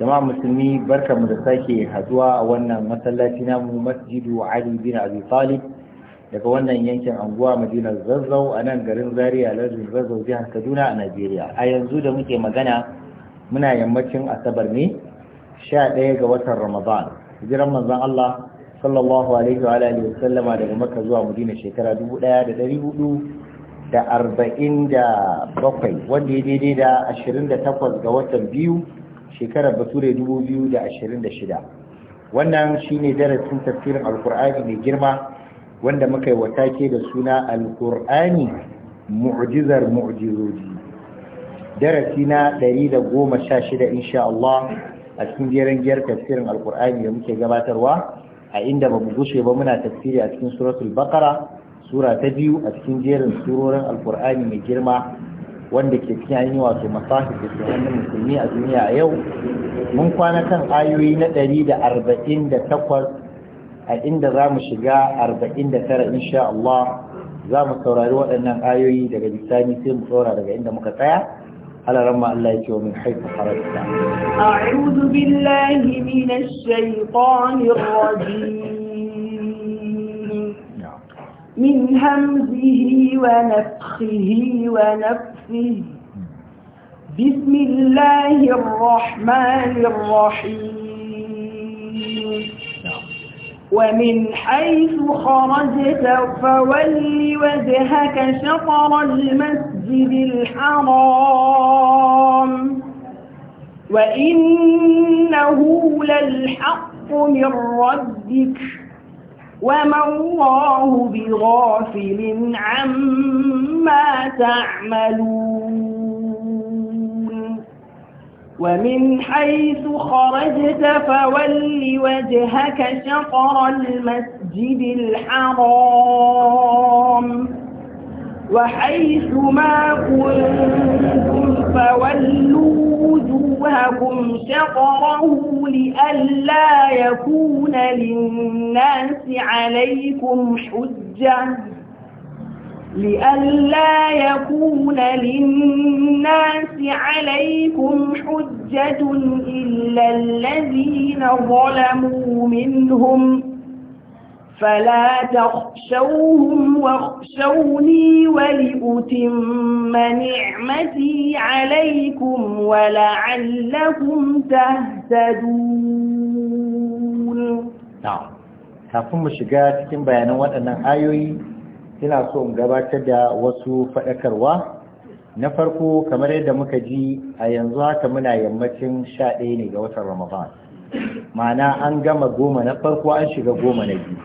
jama'a musulmi barkamu da sake haduwa a wannan masallaci namu masjidu ali bin abi talib daga wannan yankin anguwa madinar zazzau a nan garin zaria lardin zazzau jihar kaduna a najeriya a yanzu da muke magana muna yammacin asabar ne sha ɗaya ga watan ramadan hijiran manzon allah sallallahu alaihi wa alihi wasallama daga makka zuwa madina shekara dubu ɗaya da ɗari hudu da arba'in da bakwai wanda ya daidai da ashirin da takwas ga watan biyu shekarar bature 2026 wannan shine darasin tafsirin alkur'ani mai girma wanda muka yi watake da suna alkur'ani mu'jizar mu'jizoji darasi na 116 insha Allah a cikin jerin giyar tafsirin alkur'ani da muke gabatarwa a inda ba mu gushe ba muna tafsiri a cikin suratul baqara sura ta biyu a cikin jerin surorin alkur'ani mai girma wanda ke cikin ainihin wato masahi da su hannun musulmi a duniya a yau mun kwana kan ayoyi na ɗari da arba'in da takwas a inda za mu shiga arba'in da tara insha Allah za mu saurari waɗannan ayoyi daga bisani sai mu saura daga inda muka tsaya على رمى الله يتوى من حيث خرجت أعوذ بالله من الشيطان الرجيم من همزه ونفخه ونفخه بسم الله الرحمن الرحيم ومن حيث خرجت فول وجهك شطر المسجد الحرام وإنه للحق من ربك وما الله بغافل عما تعملون ومن حيث خرجت فول وجهك شطر المسجد الحرام وحيث ما كنتم فولوا وجوهكم شقره لئلا يكون للناس عليكم حجة لئلا يكون للناس عليكم حجة إلا الذين ظلموا منهم فلا تخشوهم واخشوني ولأتم نعمتي عليكم ولعلكم تهتدون نعم kafin mu shiga cikin bayanan waɗannan ayoyi ina so in gabatar da wasu faɗakarwa na farko kamar yadda muka ji a yanzu haka muna yammacin sha ɗaya ne ga watan ramadan ma'ana an gama goma na farko an shiga goma na biyu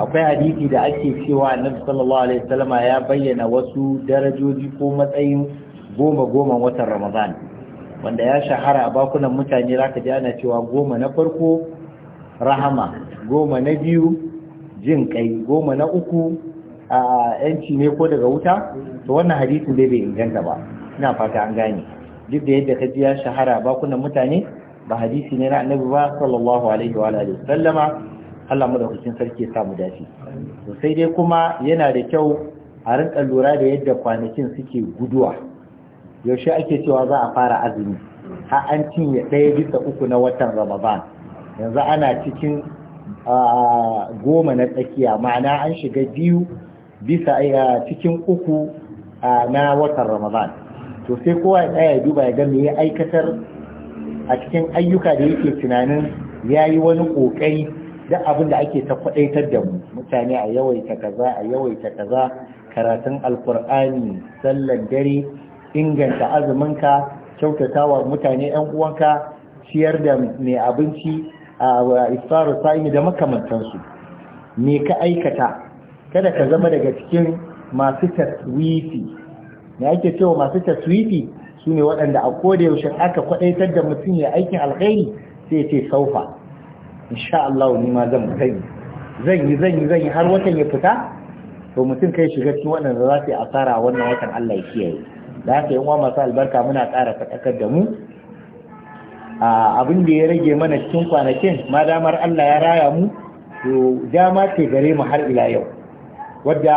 akwai hadisi da ake cewa annabi sallallahu alaihi wasallama ya bayyana wasu darajoji ko matsayin goma goma watan ramadan wanda ya shahara a bakunan mutane zaka ji ana cewa goma na farko rahama goma na biyu jin kai goma na uku a yanci ne ko daga wuta to wannan hadisin dai bai inganta ba ina fata an gane duk da yadda kaji ya shahara a bakunan mutane ba hadisi ne na annabi ba sallallahu alaihi wa alihi wasallama Allah madaukakin sarki ya mu dace to sai dai kuma yana da kyau a rinka lura da yadda kwanakin suke guduwa yaushe ake cewa za a fara azumi Ha an cinye ɗaya bisa uku na watan ramadan yanzu ana cikin goma na tsakiya ma'ana an shiga biyu bisa cikin uku na watan ramadan to sai kowa ya tsaya duba ya ga me ya aikatar a cikin ayyuka da yake tunanin ya yi wani ƙoƙari duk abin da ake ta kwadaitar da mu mutane a yawaita kaza a yawaita kaza karatun alkur'ani sallan dare inganta azuminka kyautatawa mutane yan uwanka ciyar da mai abinci a isfaru sa'imi da makamantansu me ka aikata kada ka zama daga cikin masu taswifi me ake cewa masu taswifi su waɗanda a koda yaushe aka kwadaitar da mutum ya aikin alkhairi sai ce saufa insha Allah ni ma zan kai zan yi zan yi zan yi har watan ya fita to mutum kai shiga cikin da za su yi asara wannan watan Allah ya kiyaye da haka yan uwa masu albarka muna ƙara faɗakar da mu abin da ya rage mana cikin kwanakin ma damar Allah ya raya mu to dama ce gare mu har ila yau wadda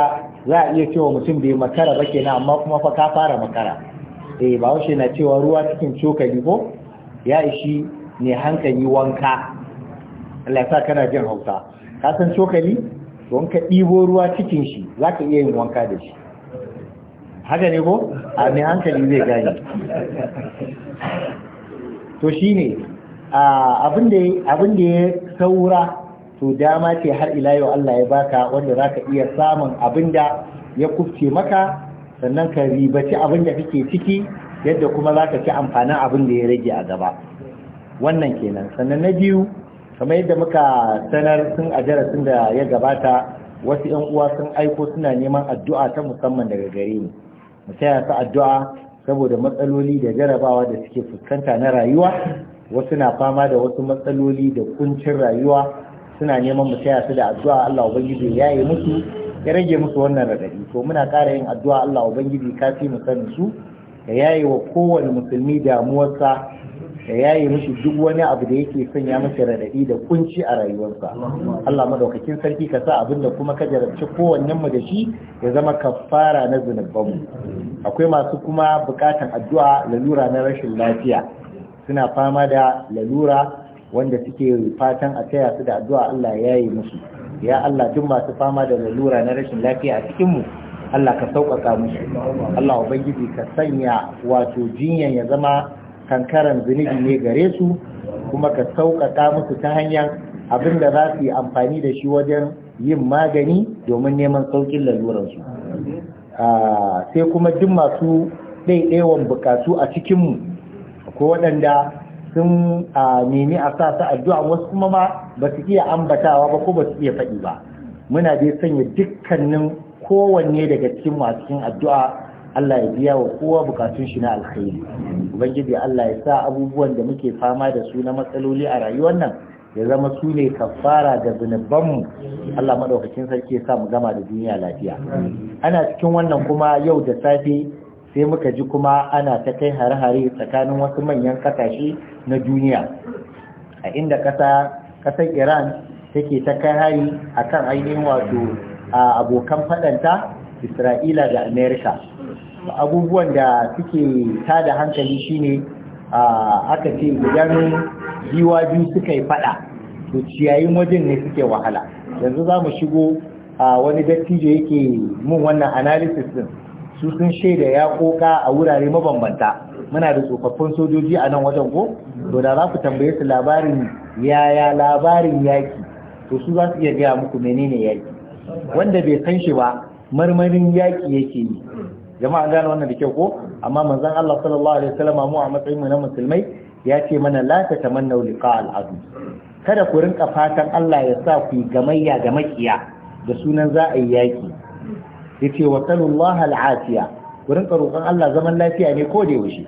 za a iya cewa mutum bai makara ba kenan amma kuma fa ka fara makara eh ba na cewa ruwa cikin cokali ko ya ishi ne hankali wanka Allah sa kana jin hausa ka san cokali don ka ɗibo ruwa cikin shi za ka iya yin wanka da shi haka ne ko a mai hankali zai gani. to shi ne abin ya saura to dama ce har ila yau Allah ya baka wanda za ka iya samun abinda ya kufce maka sannan ka ribaci abin kake ciki yadda kuma za ka ci amfanin abinda ya rage a gaba wannan kenan sannan na biyu kamar yadda muka sanar sun a darasin da ya gabata wasu yan uwa sun aiko suna neman addu'a ta musamman daga gare mu mu taya su addu'a saboda matsaloli da jarabawa da suke fuskanta na rayuwa wasu na fama da wasu matsaloli da kuncin rayuwa suna neman mu taya su da addu'a Allah ubangiji ya yi musu ya rage musu wannan radadi to muna ƙara yin addu'a Allah ubangiji kafi mu sanin su ya yi wa kowane musulmi damuwarsa da ya yi mishi duk wani abu da yake son ya mace raɗaɗi da kunci a rayuwarsa Allah madaukakin sarki ka sa abin da kuma ka jarabci kowannen mu da shi ya zama kafara na zunuban mu akwai masu kuma bukatan addu'a lalura na rashin lafiya suna fama da lalura wanda suke fatan a taya su da addu'a Allah ya yi musu ya Allah duk masu fama da lalura na rashin lafiya a cikin mu Allah ka sauƙaƙa musu Allah ubangiji ka sanya wato jinyan ya zama kankaran zunubi ne gare su kuma ka sauƙaƙa musu ta hanyar abin da za su yi amfani da shi wajen yin magani domin neman sauƙin lalurarsu sai kuma jin masu ɗaiɗaiwan buƙatu a cikinmu ko waɗanda sun nemi a sa su addu'a wasu kuma ma ba su iya ambatawa ba ko ba su iya faɗi ba muna dai sanya dukkanin kowanne daga cikinmu a cikin addu'a Allah ya biya wa kowa bukatun shi na alkhairi ubangiji Allah ya sa abubuwan da muke fama da su na matsaloli a rayuwar nan ya zama su ne kafara ga zunubanmu Allah madaukakin sarki ya sa mu gama da duniya lafiya ana cikin wannan kuma yau da safe sai muka ji kuma ana ta kai hare-hare tsakanin wasu manyan kasashe na duniya a inda kasa kasar Iran take ta kai hari akan ainihin wato abokan fadanta isra'ila da amerika abubuwan da suke tada hankali shine aka ce idan giwa biyu suka yi fada to ciyayin wajen ne suke wahala yanzu za mu shigo a wani dattijo yake mun wannan analysis din su sun shaida ya koka a wurare mabambanta muna da tsofaffin sojoji a nan wajen ko to da za ku tambaye su labarin yaya labarin yaki to su za su iya gaya muku menene yaki wanda bai san shi ba marmarin yaƙi yake yi jama'a gano wannan da kyau ko amma manzon Allah sallallahu alaihi wasallam mu a matsayin mu na musulmai ya ce mana la ta tamanna liqa al kada ku rinka fatan Allah ya sa ku gamayya ga makiya da sunan za a yi yaƙi yace wa sallallahu al afiya ku rinka roƙon Allah zaman lafiya ne ko da yaushe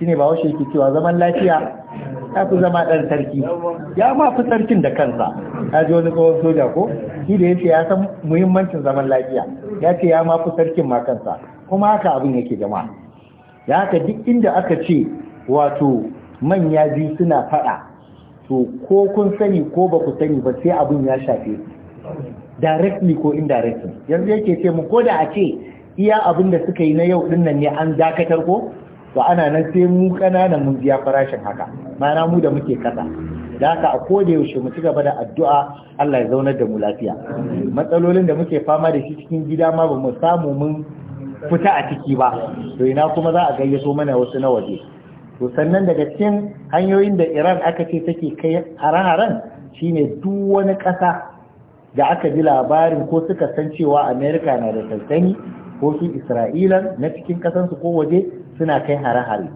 shine ba washe yake cewa zaman lafiya ya fi zama ɗan sarki ya ma fi sarkin da kansa ya ji wani tsohon soja ko shi da ya ce ya san muhimmancin zaman lafiya ya ce ya ma fi sarkin ma kansa kuma haka abin yake zama. ya haka duk inda aka ce wato manya biyu suna faɗa to ko kun sani ko ba ku sani ba sai abin ya shafe directly ko indirectly yanzu yake ce mu ko da a ce iya abin da suka yi na yau ɗin nan ne an dakatar ko to ana nan sai mu kananan mun biya farashin haka mana mu da muke kasa da haka a koda yaushe mu ci gaba da addu'a Allah ya zaunar da mu lafiya matsalolin da muke fama da shi cikin gida ma ba mu samu mun fita a ciki ba to ina kuma za a gayyato mana wasu na waje to sannan daga cikin hanyoyin da Iran aka ce take kai hare-haren shine duk wani ƙasa da aka ji labarin ko suka san cewa America na da sansani ko su Isra'ila na cikin ƙasansu ko waje suna kai hare-hare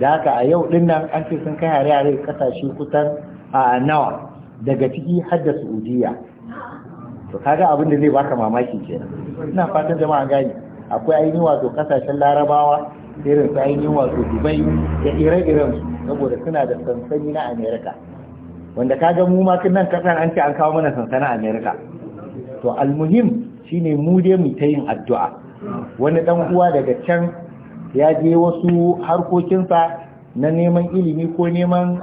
da haka a yau din nan an ce sun kai hare-hare kasashe kusan a nawa daga ciki har da saudiya to kaga abin da zai baka mamaki kenan ina fatan jama'a gani akwai ainihin wato kasashen larabawa irin su ainihin wato dubai da ire-iren su saboda suna da sansani na america wanda kaga mu ma nan kasan an ce an kawo mana sansanin america to almuhim shine mu dai mu ta yin addu'a wani dan uwa daga can ya je wasu harkokinsa na neman ilimi ko neman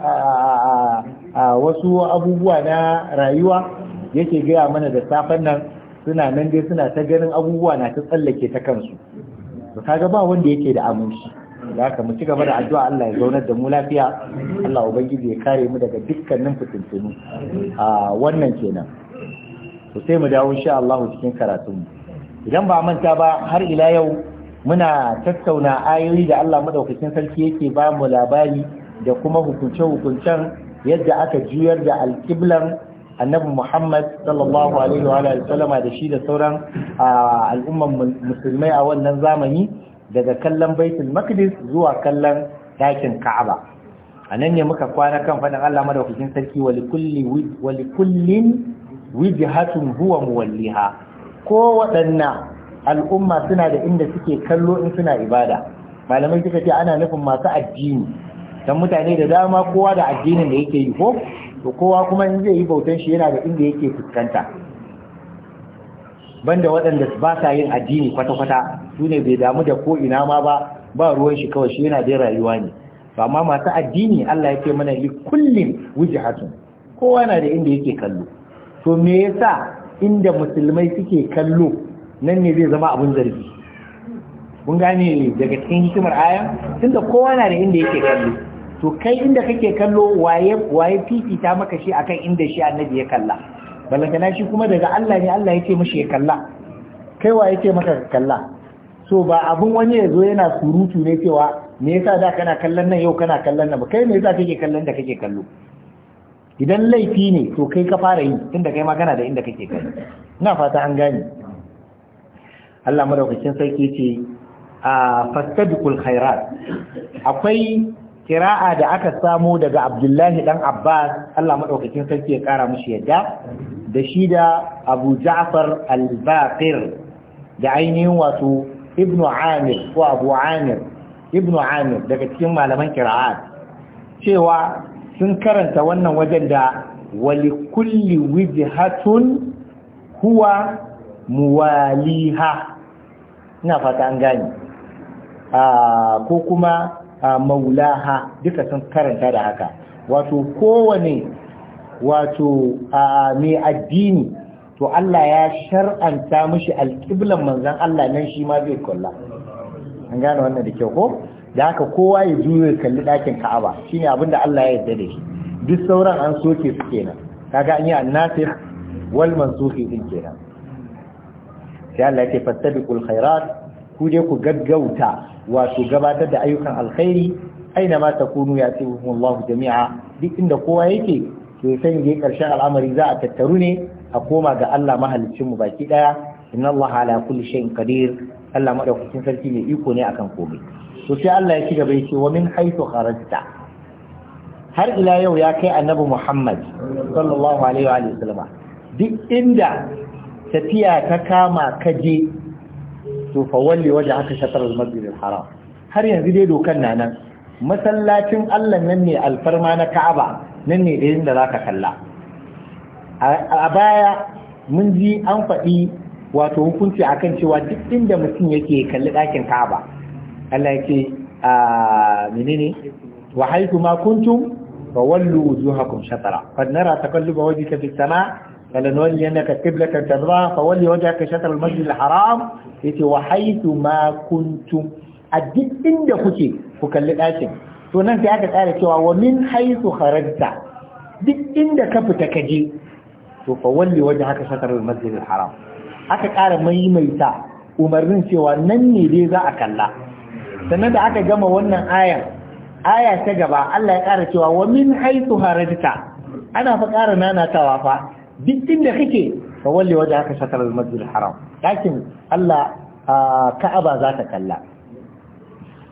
wasu abubuwa na rayuwa yake gaya mana da safen nan suna nan dai suna ta ganin abubuwa na ta tsallake ta kansu Ba kaga ba wanda yake da aminci da haka mu ci gaba da addu'a Allah ya zaunar da mu lafiya Allah ubangiji ya kare mu daga dukkanin fitintunu a wannan kenan to sai mu dawo insha Allah cikin karatun mu idan ba manta ba har ila yau muna tattauna ayoyi da Allah madaukakin sarki yake ba mu labari da kuma hukunce-hukuncen yadda aka juyar da alkiblan annabi Muhammad sallallahu alaihi wa sallama da shi da sauran al'umman musulmai a wannan zamani daga kallon baitul maqdis zuwa kallon dakin Ka'aba a nan ne muka kwana kan faɗin Allah madaukakin sarki wa likullin wijhatun huwa muwalliha ko waɗannan al'umma suna da inda suke kallo in suna ibada malamai suka ce ana nufin masu addini dan mutane da dama kowa da addinin da yake yi ko to kowa kuma in zai yi bautan shi yana da inda yake fuskanta banda waɗanda ba sa yin addini kwata-kwata su ne bai damu da ko ina ma ba ba ruwan shi kawai shi yana da rayuwa ne to amma masu addini Allah ya ce mana li kullin wujhatun kowa na da inda yake kallo to me yasa inda musulmai suke kallo nan ne zai zama abin zargi mun gane daga cikin hikimar aya tunda kowa na da inda yake kallo to kai inda kake kallo waye waye fifita maka shi akan inda shi annabi ya kalla balantana shi kuma daga Allah ne Allah ya ce mishi ya kalla kai waye ce maka kalla so ba abun wani ya zo yana surutu ne cewa me yasa da kana kallon nan yau kana kallon nan ba kai me yasa kake kallon da kake kallo idan laifi ne to kai ka fara yi tunda kai magana da inda kake kallo ina fata an gane Allah madaukakin sarki ce a fastabiqul khairat akwai kira'a da aka samu daga Abdullahi dan Abbas Allah madaukakin sarki ya kara mushi yadda da shi da Abu Ja'far al-Baqir da ainihin wato Ibn Amir ko Abu Amir Ibn Amir daga cikin malaman kira'at cewa sun karanta wannan wajen da walikulli wajhatun huwa muwaliha ina fata an gane ko kuma maulaha duka sun karanta da haka wato kowane wato mai addini to Allah ya shar'anta mishi alƙiblan manzan Allah nan shi ma zai kalla an gane wannan da kyau ko da haka kowa ya juyo ya kalli ɗakin Ka'aba shi ne abinda Allah ya yarda da shi duk sauran an soke su kenan kaga an yi annasir wal mansuhi din kenan sai Allah yake fattabiqul khairat ku je ku gaggauta wato gabatar da ayyukan alkhairi aina ma takunu yatihumullahu jami'a duk inda kowa yake to sai je karshen al'amari za a tattaru ne a koma ga Allah mahaliccin mu baki daya inna Allah ala kulli shay'in qadir Allah madaukakin sarki mai iko ne akan komai to sai Allah ya ci gaba yake wa min haythu kharajta har ila yau ya kai annabi Muhammad sallallahu alaihi wa sallam, duk inda tafiya ta kama kaje to fa walli waje haka shatar haram har yanzu dai dokan na nan masallacin Allah nan ne alfarma na Ka'aba nan ne da inda zaka kalla a baya mun ji an faɗi wato hukunci akan cewa duk inda mutum yake kalli ɗakin Ka'aba Allah yake a menene wa haythu ma kuntum fa wallu wujuhakum shatara qad nara taqalluba wajhika fis sama' فلنولينك قبلة ترضاها فولي وجهك شطر المسجد الحرام يتي وحيث ما كنتم أجد إن كتي فكلت آتم سنان في آكد آلة سوا ومن حيث خرجت دك إن كفت كجي فولي وجهك شطر المسجد الحرام آكد آلة ميميتا umarnin cewa nan ne dai za a kalla sannan da aka gama wannan ayar aya ta gaba Allah ya ƙara cewa wa min haythu harajta ana fa ƙara nanatawa fa duk inda kake fa walli waje haka shakarar masjidil haram ɗakin Allah ka'aba za ta kalla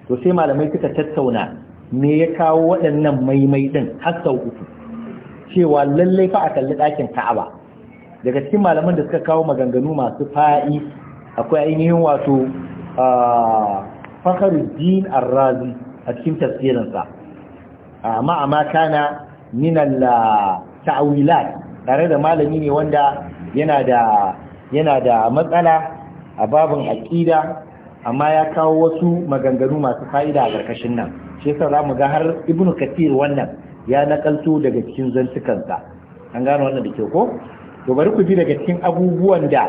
to sai malamai suka tattauna me ya kawo waɗannan maimai ɗin har sau uku cewa lallai fa a kalli ɗakin ka'aba daga cikin malaman da suka kawo maganganu masu fa'i akwai ainihin wato fakharuddin arrazi a cikin tafsirinsa amma amma kana min la tawilat tare da malami ne wanda yana da yana da matsala a babin aƙida amma ya kawo wasu maganganu masu fa'ida a ƙarƙashin nan shi yasa za mu ga har ibnu kathir wannan ya nakalto daga cikin zantukansa an gano wannan da ke ko to bari ku bi daga cikin abubuwan da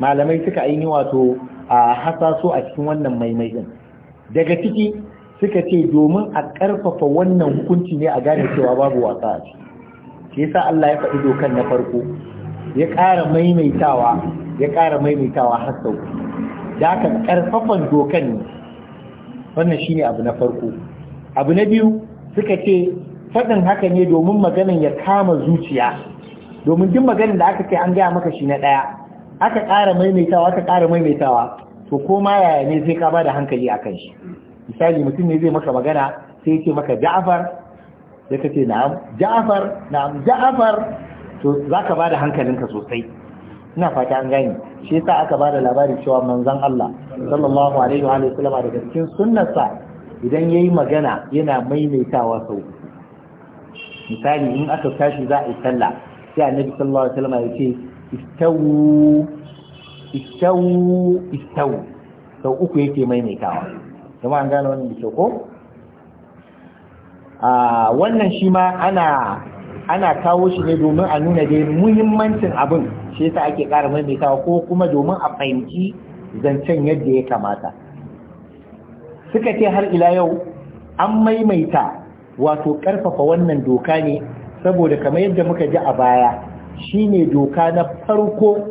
malamai suka aini wato a hasaso a cikin wannan maimai din daga ciki suka ce domin a ƙarfafa wannan hukunci ne a gane cewa babu wasa a ciki yasa Allah ya faɗi dokan na farko ya ƙara maimaitawa ya ƙara maimaitawa har sau da aka ƙarfafan dokan ne wannan shine abu na farko abu na biyu suka ce faɗin haka ne domin maganin ya kama zuciya domin duk maganin da aka ce an gaya maka shi na ɗaya aka ƙara maimaitawa aka ƙara maimaitawa to ko ma yaya ne zai ka ba da hankali a kan shi misali mutum ne zai maka magana sai ya ce maka ja'far ya ce na'am ja'afar na'am ja'afar to za ka hankalinka sosai ina fata an gani shi yasa aka bada da labari cewa manzon Allah sallallahu alaihi wa wasallam daga cikin sunnarsa idan yayi magana yana maimaitawa sau misali in aka tashi za a yi sallah sai annabi sallallahu alaihi wasallam ya ce istawu istawu istawu sau uku yake maimaitawa kuma an gane wannan da ko a wannan shi ma ana ana kawo shi ne domin a nuna dai muhimmancin abin shi yasa ake ƙara maimaitawa ko kuma domin a fahimci zancen yadda ya kamata suka ce har ila yau an maimaita wato ƙarfafa wannan doka ne saboda kamar yadda muka ji a baya shine doka na farko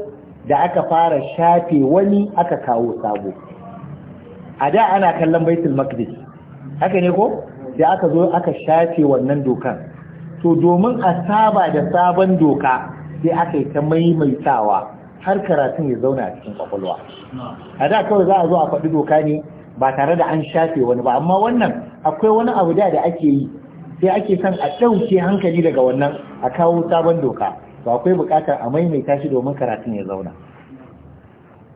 da aka fara shafe wani aka kawo sabo a da ana kallon baitul maqdis haka ne ko da aka zo aka shafe wannan dokan to domin a saba da sabon doka sai aka yi ta maimaitawa har karatun ya zauna a cikin kwakwalwa a da kawai za a zo a faɗi doka ne ba tare da an shafe wani ba amma wannan akwai wani abu da da ake yi sai ake son a ɗauke hankali daga wannan a kawo sabon doka to akwai buƙatar a maimaita shi domin karatun ya zauna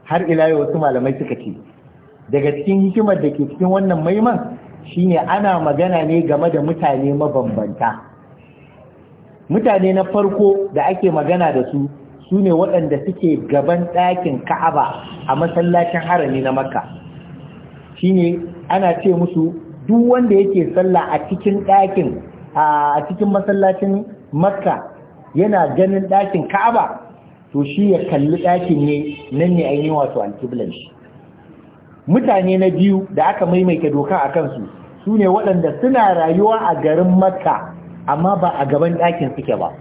har ila yau wasu malamai suka ce daga cikin hikimar da ke cikin wannan maiman shine ana magana ne game da mutane mabambanta mutane na farko da ake magana da su su ne waɗanda suke gaban ɗakin ka'aba a masallacin harami na makka shine ana ce musu duk wanda yake sallah a cikin ɗakin a cikin masallacin makka yana ganin ɗakin ka'aba to shi ya kalli ɗakin ne nan ne ainihin wato alkiblan mutane na biyu da aka maimaita doka a kansu su ne waɗanda suna rayuwa a garin makka amma ba a gaban ɗakin suke ba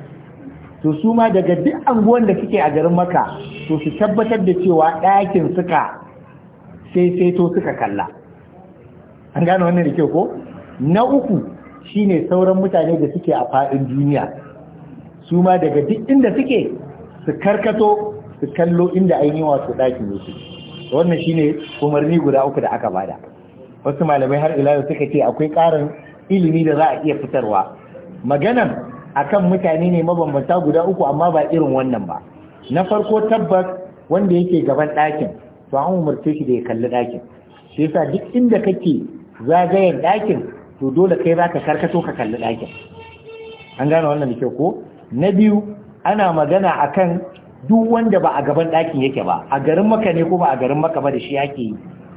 to su ma daga duk anguwan da suke a garin makka to su tabbatar da cewa ɗakin suka sai saito suka kalla an gane wannan da ke ko na uku shine sauran mutane da suke a faɗin duniya su ma daga duk inda suke su karkato su kallo inda ainihin wasu ɗakin yake wannan shi ne umarni guda uku da aka bada wasu malamai har ila yau suka ce akwai ƙarin ilimi da za a iya fitarwa maganan akan mutane ne mabambanta guda uku amma ba irin wannan ba na farko tabbas wanda yake gaban ɗakin to an umarce shi da ya kalli ɗakin shi yasa duk inda kake zagayen ɗakin to dole kai za ka karkato ka kalli ɗakin an gane wannan da kyau ko na biyu ana magana akan duk wanda ba a gaban ɗakin yake ba a garin maka ne ko ba a garin maka ba da shi yake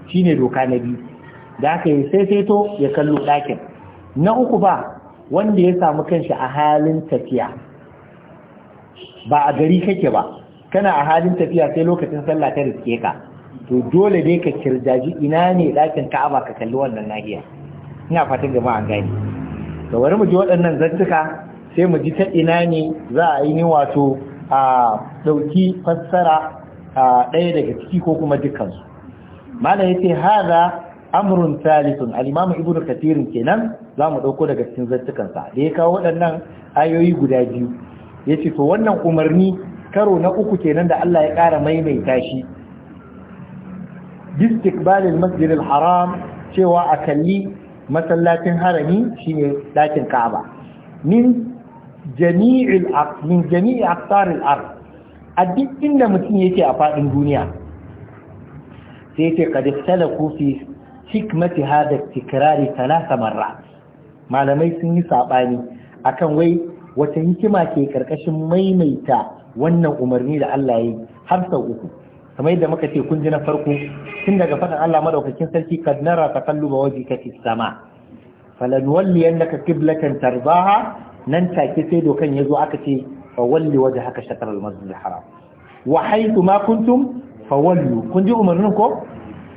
yi ne doka na biyu da aka yi sai sai to ya kallo ɗakin na uku ba wanda ya samu kanshi a halin tafiya ba a gari kake ba kana a halin tafiya sai lokacin sallah ta riske ka to dole dai ka kirjaji ina ne ɗakin ka'aba ka kalli wannan nahiya ina fatan jama'a gani to bari mu ji waɗannan zantuka sai mu ji ta ina ne za a yi ni wato a ɗauki fassara a ɗaya daga ciki ko kuma dukansu malam ya ce haza amrun talisun alimamu ibu ibnu kathir kenan mu ɗauko daga cikin zantukansa da ya kawo waɗannan ayoyi guda biyu Ya ce to wannan umarni karo na uku kenan da Allah ya ƙara maimaita shi istiqbal balin masjidil haram cewa a kalli masallacin harami shine ɗakin Ka'aba min min jami'i aqtaril ard a duk inda mutum yake a faɗin duniya sai yake qad ikhtalafu fi hikmati hada tikrari talata marra malamai sun yi a akan wai wata hikima ke ƙarƙashin maimaita wannan umarni da Allah ya yi har sau uku kamar yadda muka ce kun ji na farko tun daga fadin Allah madaukakin sarki kad nara waje ka fis sama falanwalliyannaka qiblatan tardaha nan take sai dokan ya zo aka ce fa fawalli waje haka shatar almasjid haram wa haitu ma kuntum fawallu kun ji umarnin ko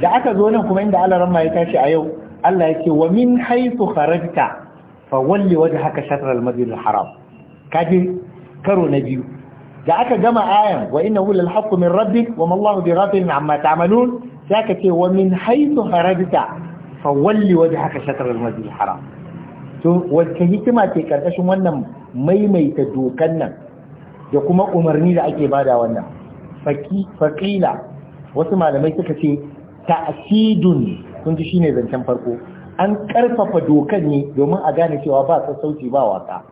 da aka zo nan kuma inda Allah ramma ya tashi a yau Allah yake wa min haitu kharajta fawalli waje haka shatar almasjid haram kaji karo na biyu da aka gama ayan wa innahu lil haqqu min rabbik wa ma Allahu bighafilin amma ta'malun sai aka ce wa min haitu kharajta fawalli waje haka shatar almasjid haram to wacce hikima ce karkashin wannan maimaita dokan nan da kuma umarni da ake bada wannan faƙila wasu malamai suka ce ta'asidun kun ji shine zancen farko an karfafa dokan ne domin a gane cewa ba sassauci ba wasa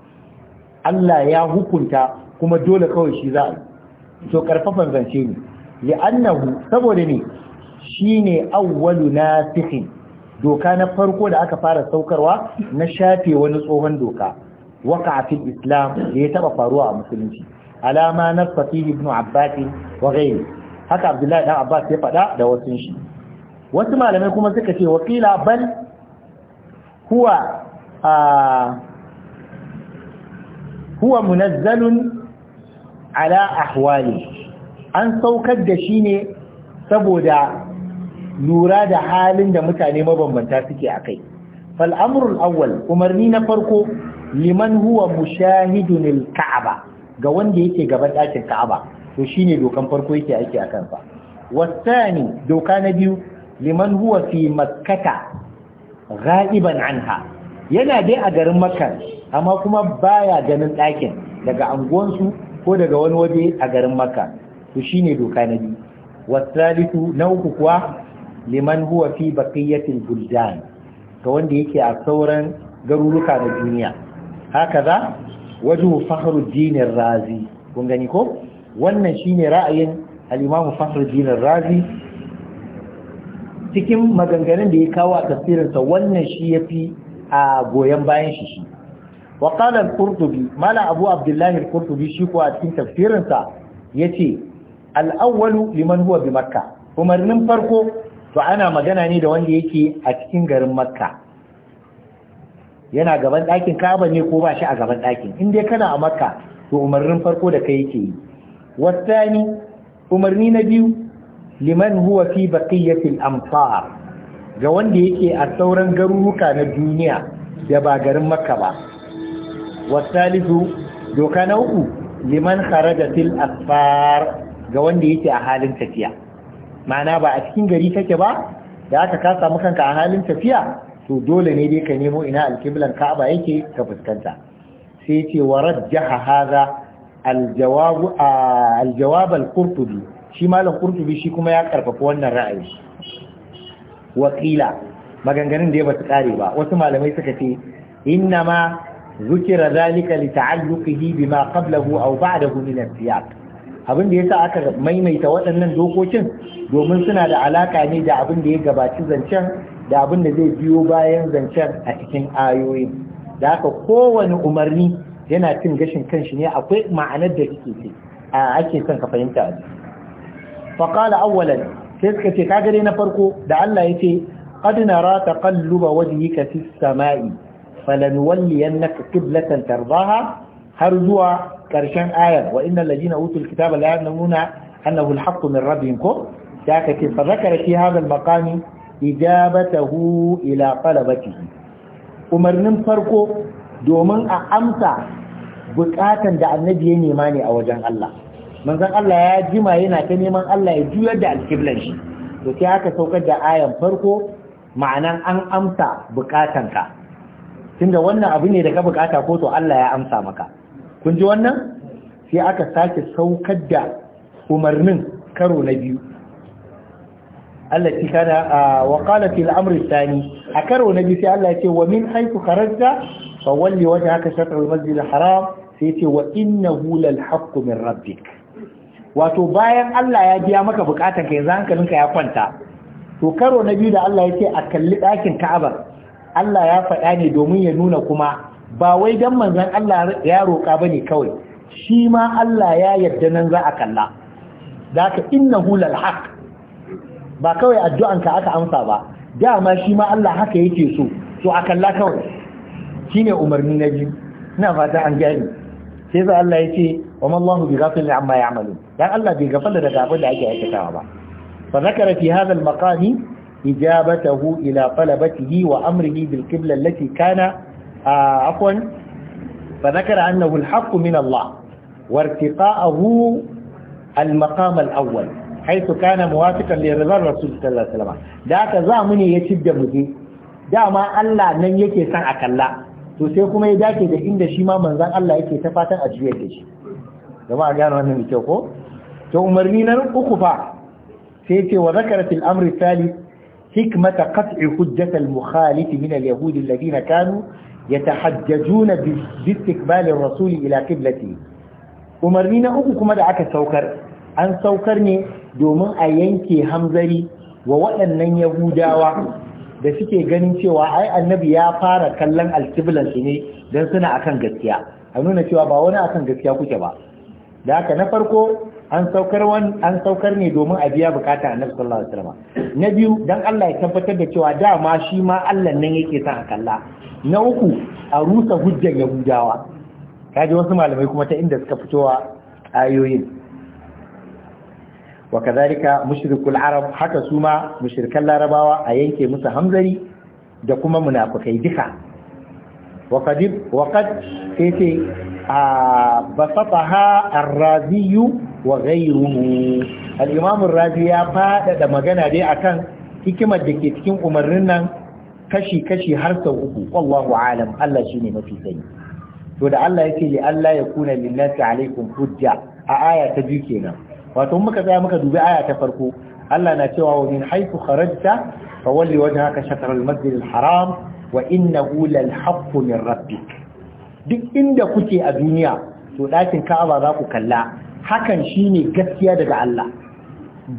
Allah ya hukunta kuma dole kawai shi za a to karfafan zance ne annahu saboda ne shine awwalu nasikhin doka na farko da aka fara saukarwa na shafe wani tsohon doka waka fil islam da ya taba faruwa a musulunci alama na fatih ibn abbas wa haka abdullahi dan abbas ya faɗa da wasu shi wasu malamai kuma suka ce wakila bal huwa huwa munazzalun ala ahwali an saukar da shi ne saboda lura da halin da mutane mabambanta suke a kai fal'amurul awwal umarni na farko liman huwa mushahidunil ka'aba ga wanda yake gaban ɗakin ka'aba to ne dokan farko yake aiki a kansa wasani doka na biyu liman huwa fi makkata anha yana dai a garin makka amma kuma baya ganin ɗakin daga anguwansu ko daga wani waje a garin makka to ne doka na biyu wasalitu na uku kuwa liman huwa fi baqiyatil buldan ga wanda yake a sauran garuruka na duniya haka za wajhu fakhruddin razi kun gani ko wannan shine ra'ayin al-imam fakhruddin razi cikin maganganun da ya kawo a tafsirinsa wannan shi yafi a goyen bayan shi shi wa qala al-qurtubi mala abu abdullahi al-qurtubi shi ko a cikin tafsirinsa yace al-awwalu liman huwa bi makkah umarnin farko to ana magana ne da wanda yake a cikin garin makka yana gaban ɗakin kaba ne ko ba shi a gaban ɗakin in dai kana a makka to umarnin farko da kai yake yi wasani umarni na biyu liman huwa fi baqiyatil amsar ga wanda yake a sauran garuruka na duniya da ba garin makka ba wasalisu doka na uku liman kharajatil asfar ga wanda yake a halin tafiya ma'ana ba a cikin gari kake ba da aka ka samu kanka a halin tafiya to dole ne dai ka nemo ina alkiblan ka'aba yake ka fuskanta sai ce wa rajjaha hadha aljawab aljawab alqurtubi shi malam qurtubi shi kuma ya karfafa wannan ra'ayi wakila maganganun da ya su kare ba wasu malamai suka ce innama zukira zalika li ta'alluqihi bima qablahu aw ba'dahu min al-siyaq abin da yasa aka maimaita waɗannan dokokin domin suna da alaka ne da abin da ya gabaci zancen da abin da zai biyo bayan zancen a cikin ayoyin da haka kowane umarni yana cin gashin kanshi ne akwai ma'anar da take ce a ake son ka fahimta a fa awwalan sai suka ce kaga dai na farko da Allah ya yace qad nara taqalluba wajhika fis samai falanwalliyannaka qiblatan tardaha har zuwa karshen ayar wa ladina utul kitaba la ya'lamuna annahu al min rabbihim ko ya ka ce fa zakara fi hadha al ijabatahu ila umarnin farko domin a amsa bukatan da annabi ya nema ne a wajen Allah manzon Allah ya jima yana ta neman Allah ya juyar da alkiblan shi to sai aka saukar da ayan farko ma'anan an amsa bukatanka tunda wannan abu ne da ka bukata ko to Allah ya amsa maka kun ji wannan sai aka sake saukar da umarnin karo na biyu Allah ki kana wa qala fil amri a karo na biyu sai Allah ya ce wa min haythu kharajta fa walli wajhaka haka shakar masjid haram sai ya ce wa innahu lal haqq min rabbik wato bayan Allah ya biya maka bukatan ka yanzu hankalinka ya kwanta to karo na biyu da Allah ya ce a kalli ɗakin Ka'abar, Allah ya faɗa ne domin ya nuna kuma ba wai dan manzon Allah ya roƙa bane kawai shi ma Allah ya yarda nan za a kalla Da zaka inna lal haq ba kawai addu'anka aka amsa ba dama shi ma Allah haka yake so to a kalla kawai Shi ne umarni na biyu ina fata an gani sai za Allah ya ce wa mallahu bi ghafil amma ya ya'malu dan Allah bai gafala da abin da ake aikatawa ba fa zakara fi hadha al-maqami ijabatahu ila talabatihi wa amrihi bil qibla allati kana عفوا فذكر أنه الحق من الله وارتقاءه المقام الأول حيث كان موافقا لرضا الرسول صلى الله عليه وسلم ذاك زامني يشد مجي dama Allah nan yake san a kalla to sai kuma ya dace da inda shi ma manzon Allah yake ta fatan a juyar da shi jama'a gano wannan da kyau ko to umarni na uku fa sai ce wa zakara amri thalith hikmata qat'i hujjat al mukhalif min al yahudi alladhina kanu yatahajjajuna bi istiqbali ar-rasul ila qiblatihi umarni na uku kuma da aka saukar an saukar ne domin a yanke hamzari wa waɗannan yahudawa da suke ganin cewa ai annabi ya fara kallon alkiblan su ne don suna akan gaskiya a nuna cewa ba wani akan gaskiya kuke ba da haka na farko an saukar wani an saukar ne domin a biya bukata annabi sallallahu alaihi wasallam na biyu dan Allah ya tabbatar da cewa dama shi ma Allah nan yake sa kalla na uku a rusa hujjar yahudawa kaji wasu malamai kuma ta inda suka fitowa ayoyin wa kadhalika mushrikul arab haka su ma mushrikan larabawa a yanke musu hamzari da kuma munafikai duka wa kadib wa qad sai basataha ar-razi wa ghayruhu al-imam ar ya faɗaɗa magana dai akan hikimar da ke cikin umarnin nan kashi kashi har sau uku wallahu alam Allah shine mafi sani to da Allah yake li Allah ya kuna lillahi alaikum hujja a aya ta biyu kenan wato muka tsaya muka dubi aya ta farko Allah na cewa wa min haythu kharajta fawalli wajhaka shatr al-masjid al-haram wa innahu lal haqqu min rabbik duk inda kuke a duniya to ɗakin ka'aba za ku kalla hakan shine gaskiya daga Allah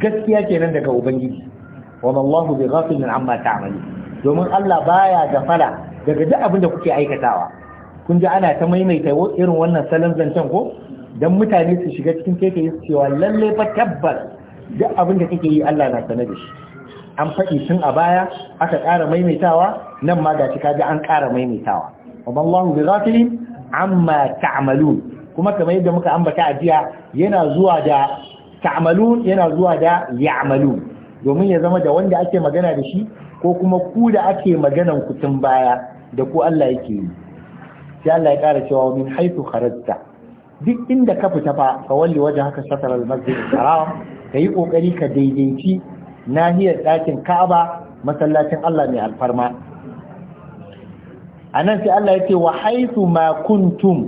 gaskiya kenan daga ubangiji wa mallahu bi min amma ta'malu domin Allah baya gafara daga duk abin kuke aikatawa kun ji ana ta maimaita irin wannan salon zancen ko dan mutane su shiga cikin keke su cewa lalle fa tabbas duk abin da kake yi Allah na sanar da shi an faɗi tun a baya aka ƙara maimaitawa nan ma ga ka ji an ƙara maimaitawa wa mallahu bi ghafilin amma ta'malun kuma kamar yadda muka ambata a jiya yana zuwa da ta'malun yana zuwa da ya'malun domin ya zama da wanda ake magana da shi ko kuma ku da ake maganan tun baya da ku Allah yake yi sai Allah ya ƙara cewa min haitu kharajta duk inda ka fita fa ka walli wajen haka shatar al-masjid al-haram ka yi kokari ka daidaici nahiyar ɗakin Ka'aba masallacin Allah mai alfarma anan sai Allah ya ce wa haythu ma kuntum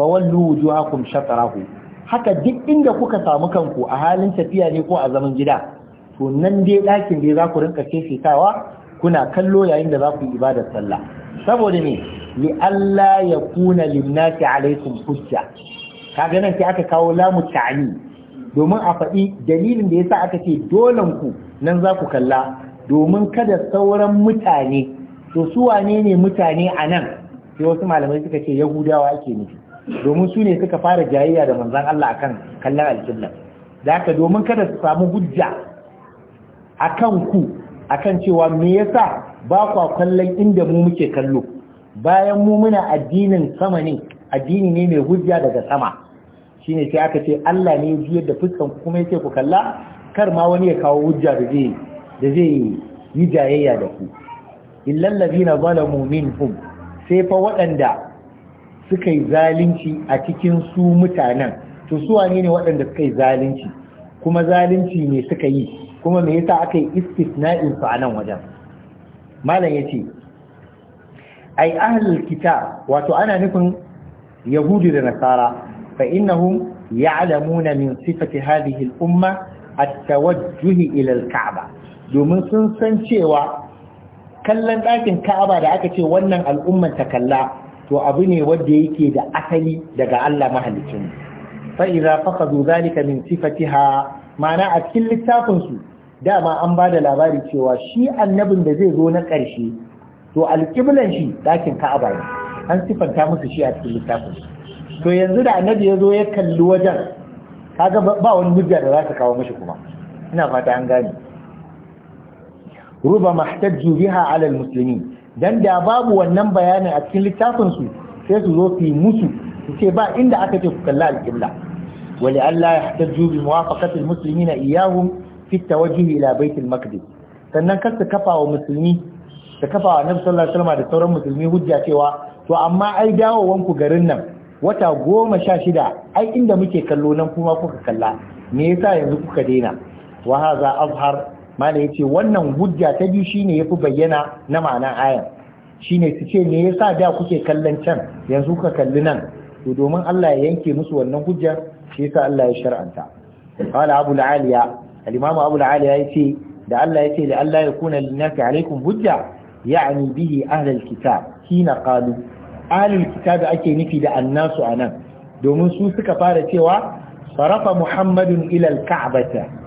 fawallu wujuhakum shatarahu haka duk inda kuka samu kanku a halin tafiya ne ko a zaman gida to nan dai ɗakin dai za ku rinka tawa kuna kallo yayin da za ku yi ibadar sallah saboda ne li Allah ya kuna linnati alaikum hujja kaga nan sai aka kawo lamu ta'ani domin a faɗi dalilin da yasa aka ce dolan ku nan za ku kalla domin kada sauran mutane to su wane ne mutane a nan sai wasu malamai suka ce yahudawa ake nufi domin su ne suka fara jayayya da manzan Allah akan kallon alƙibla da haka domin kada su samu hujja akan ku akan cewa me yasa ba kwa kallon inda mu muke kallo bayan mu muna addinin sama ne addini ne mai hujja daga sama shine sai aka ce Allah ne ya juyar da fuskan ku kuma yake ku kalla kar ma wani ya kawo hujja da zai da zai yi jayayya da ku na ladina zalamu minhum sai fa waɗanda suka yi zalunci a cikin su mutanen to su wane ne waɗanda suka yi zalunci kuma zalunci ne suka yi kuma me yasa aka yi istisna'in su a nan wajen malam yace ai ahlul kitab wato ana nufin yahudi da nasara fa innahum ya'lamuna min sifati hadhihi al-umma at-tawajjuh ila al-ka'ba domin sun san cewa kallon ɗakin ka'aba da aka ce wannan al'umman ta kalla to abu ne wanda yake da asali daga Allah mahallicin fa idza zani zalika min sifatiha ma'ana a cikin littafin su dama an ba da labari cewa shi annabin da zai zo na ƙarshe to alƙiblan shi ɗakin ka'aba ne an sifanta musu shi a cikin littafin to yanzu da annabi ya zo ya kalli wajen kaga ba wani hujja da za ta kawo mishi kuma ina fata an gane ruba mahtajju biha ala almuslimin dan da babu wannan bayanin a cikin littafin su sai su zo su yi musu su ce ba inda aka ce ku kalla alqibla wa li alla yahtajju bi muwafaqati almuslimina iyyahum fi tawajjuh ila bait almaqdis sannan kar su kafa wa musulmi su kafa wa sallallahu alaihi wasallam da sauran musulmi hujja cewa to amma ai dawowan ku garin nan wata goma sha shida ai inda muke kallo nan kuma kuka kalla me yasa yanzu kuka daina wa hadha azhar ya ce wannan hujja ta biyu shine yafi bayyana na ma'anan ayan shine su ce me yasa da kuke kallon can yanzu ka kalli nan to domin Allah ya yanke musu wannan hujja shi yasa Allah ya shar'anta qala abu aliya al-imam abu yace da Allah ce da Allah ya kuna linnasi alaikum hujja ya'ni bihi ahli al-kitab kina qalu ahli al-kitab ake nufi da annasu anan domin su suka fara cewa sarafa muhammadun ila al-ka'bata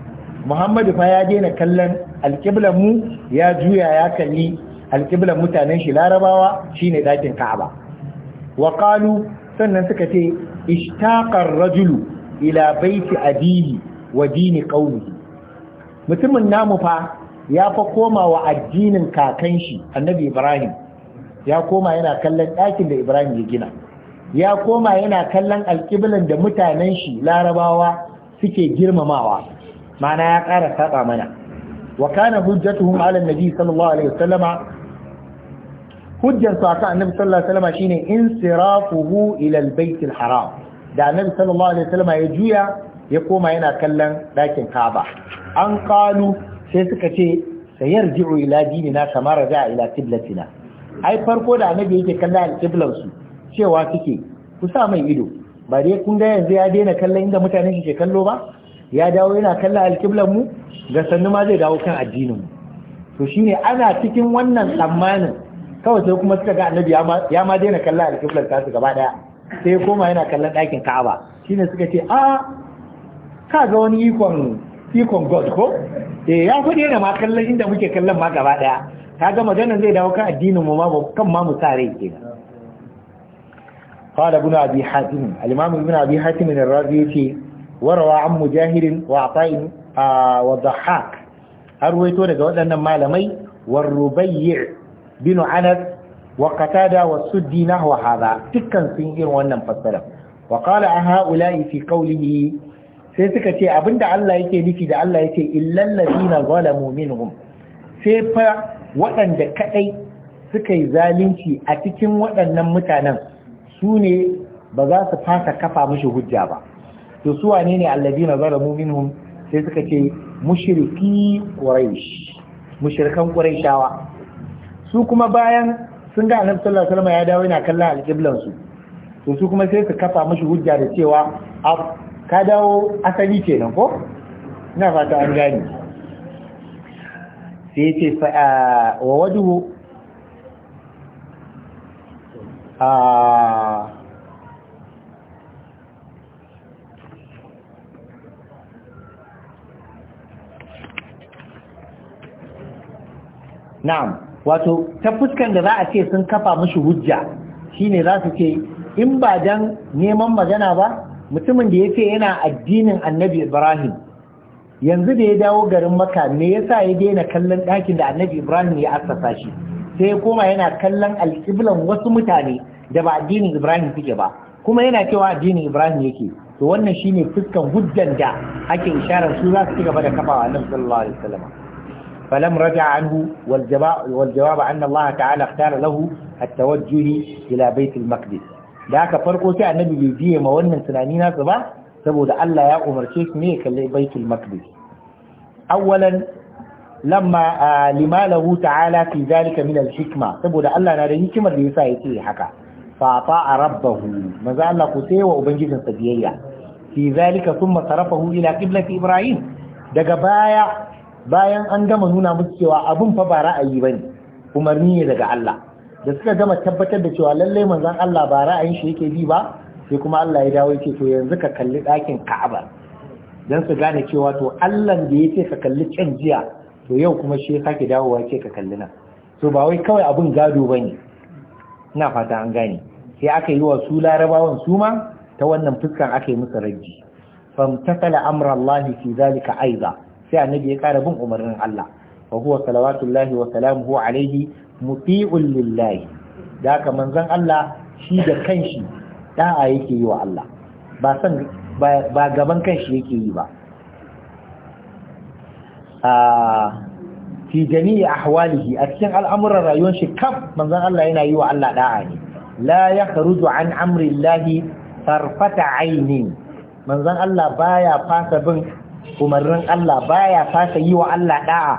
muhammadu fa ya daina kallon alƙiblar mu ya juya ya kalli alƙiblar mutanen shi larabawa shine ɗakin ka'aba wa qalu sannan suka ce ishtaqar rajulu ila baiti abihi wa dini qaumihi mutumin namu fa ya fa koma wa addinin kakan shi annabi ibrahim ya koma yana kallon ɗakin da ibrahim ya gina ya koma yana kallon alƙiblan da mutanen shi larabawa suke girmamawa ma'ana ya ƙara saba mana wa kana hujjatuhum ala nabi sallallahu alaihi wasallama hujjar su akan annabi sallallahu alaihi wasallama shine insirafuhu ila albayt alharam da annabi sallallahu alaihi wasallama ya juya ya koma yana kallon dakin Kaaba an kalu sai suka ce sayarji'u ila dinina kama raja'a ila qiblatina ai farko da annabi yake kallon alqiblar su cewa suke ku sa mai ido ba dai kun ga yanzu ya daina kallon inda mutanen shi ke kallo ba ya dawo yana kallon alƙiblar mu ga sannu ma zai dawo kan addinin mu to shine ana cikin wannan tsammanin kawai sai kuma suka ga annabi ya ma daina kallon alƙiblar su gaba daya sai ya koma yana kallon ɗakin ka'aba shine suka ce a ka ga wani ikon ikon god ko eh ya fi daina ma kallon inda muke kallon ma gaba daya ga maganar zai dawo kan addinin mu ma kan ma mu sa rai kenan قال ابن ابي حاتم الامام ابن ابي حاتم الرازي warawa an mujahirin wa ata'in wa dhahak har waito daga waɗannan malamai war rubayyi bin anas wa Katada wa suddi na hadha dukkan sun irin wannan fassara wa qala a haula'i fi qawlihi sai suka ce abinda Allah yake nufi da Allah yake illal na zalamu minhum sai fa waɗanda kaɗai suka yi zalunci a cikin waɗannan mutanen su ne ba za su fasa kafa mashi hujja ba to su wane ne alladina zalamu minhum sai suka ce mushriki quraish mushrikan quraishawa su kuma bayan sun ga annabi sallallahu alaihi wasallam ya dawo yana kallon alƙiblan su to su kuma sai su kafa mashi hujja da cewa ka dawo asali kenan ko ina fata an gane sai ya ce wa wadu na'am wato ta fuskan da za a ce sun kafa mushi hujja shine za su ce in ba dan neman magana ba mutumin da ya ce yana addinin annabi ibrahim yanzu da ya dawo garin maka me yasa ya daina kallon ɗakin da annabi ibrahim ya assasa shi sai ya koma yana kallon alƙiblan wasu mutane da ba addinin ibrahim suke ba kuma yana cewa addinin ibrahim yake to wannan shine fuskan hujjan da ake isharar su za su ci gaba da kafawa annabi sallallahu alaihi wasallam فلم رجع عنه والجواب أن الله تعالى اختار له التوجه إلى بيت المقدس ذاك فرقه سيء النبي بيجيه مونا من سبا سبو دا الله يا عمر شيخ ميك بيت المقدس أولا لما آه، لما له تعالى في ذلك من الحكمة سبو دا الله نادي حكمة ليسائي تيه حكا فأطاع ربه ماذا الله قتيه وأبنجيه في ذلك ثم صرفه إلى قبلة إبراهيم دجبايا bayan an gama nuna musu cewa abin fa ba ra'ayi bane umarni ne daga Allah da suka gama tabbatar da cewa lallai manzon Allah ba ra'ayin shi yake bi ba sai kuma Allah ya dawo yake to yanzu ka kalli ɗakin Ka'aba dan su gane cewa to Allah da yake ka kalli can jiya to yau kuma shi ya sake dawowa yake ka kalli nan to ba wai kawai abin gado bane ina fata an gane sai aka yi wa su larabawan su ma ta wannan fuskan aka yi musu rajji famtasala amra Allah fi zalika aiza sai annabi ya kara bin umarnin Allah wa huwa salawatullahi wa salamuhu alaihi muti'un lillahi da haka manzon Allah shi da kanshi da'a yake yi wa Allah ba san ba gaban kanshi yake yi ba a fi jami'i ahwalihi a cikin al'amuran rayuwar shi kaf manzon Allah yana yi wa Allah da'a ne la yakhruju an amri Allah tarfata aini manzon Allah baya fasa bin umarnin Allah baya fasa yi wa Allah da'a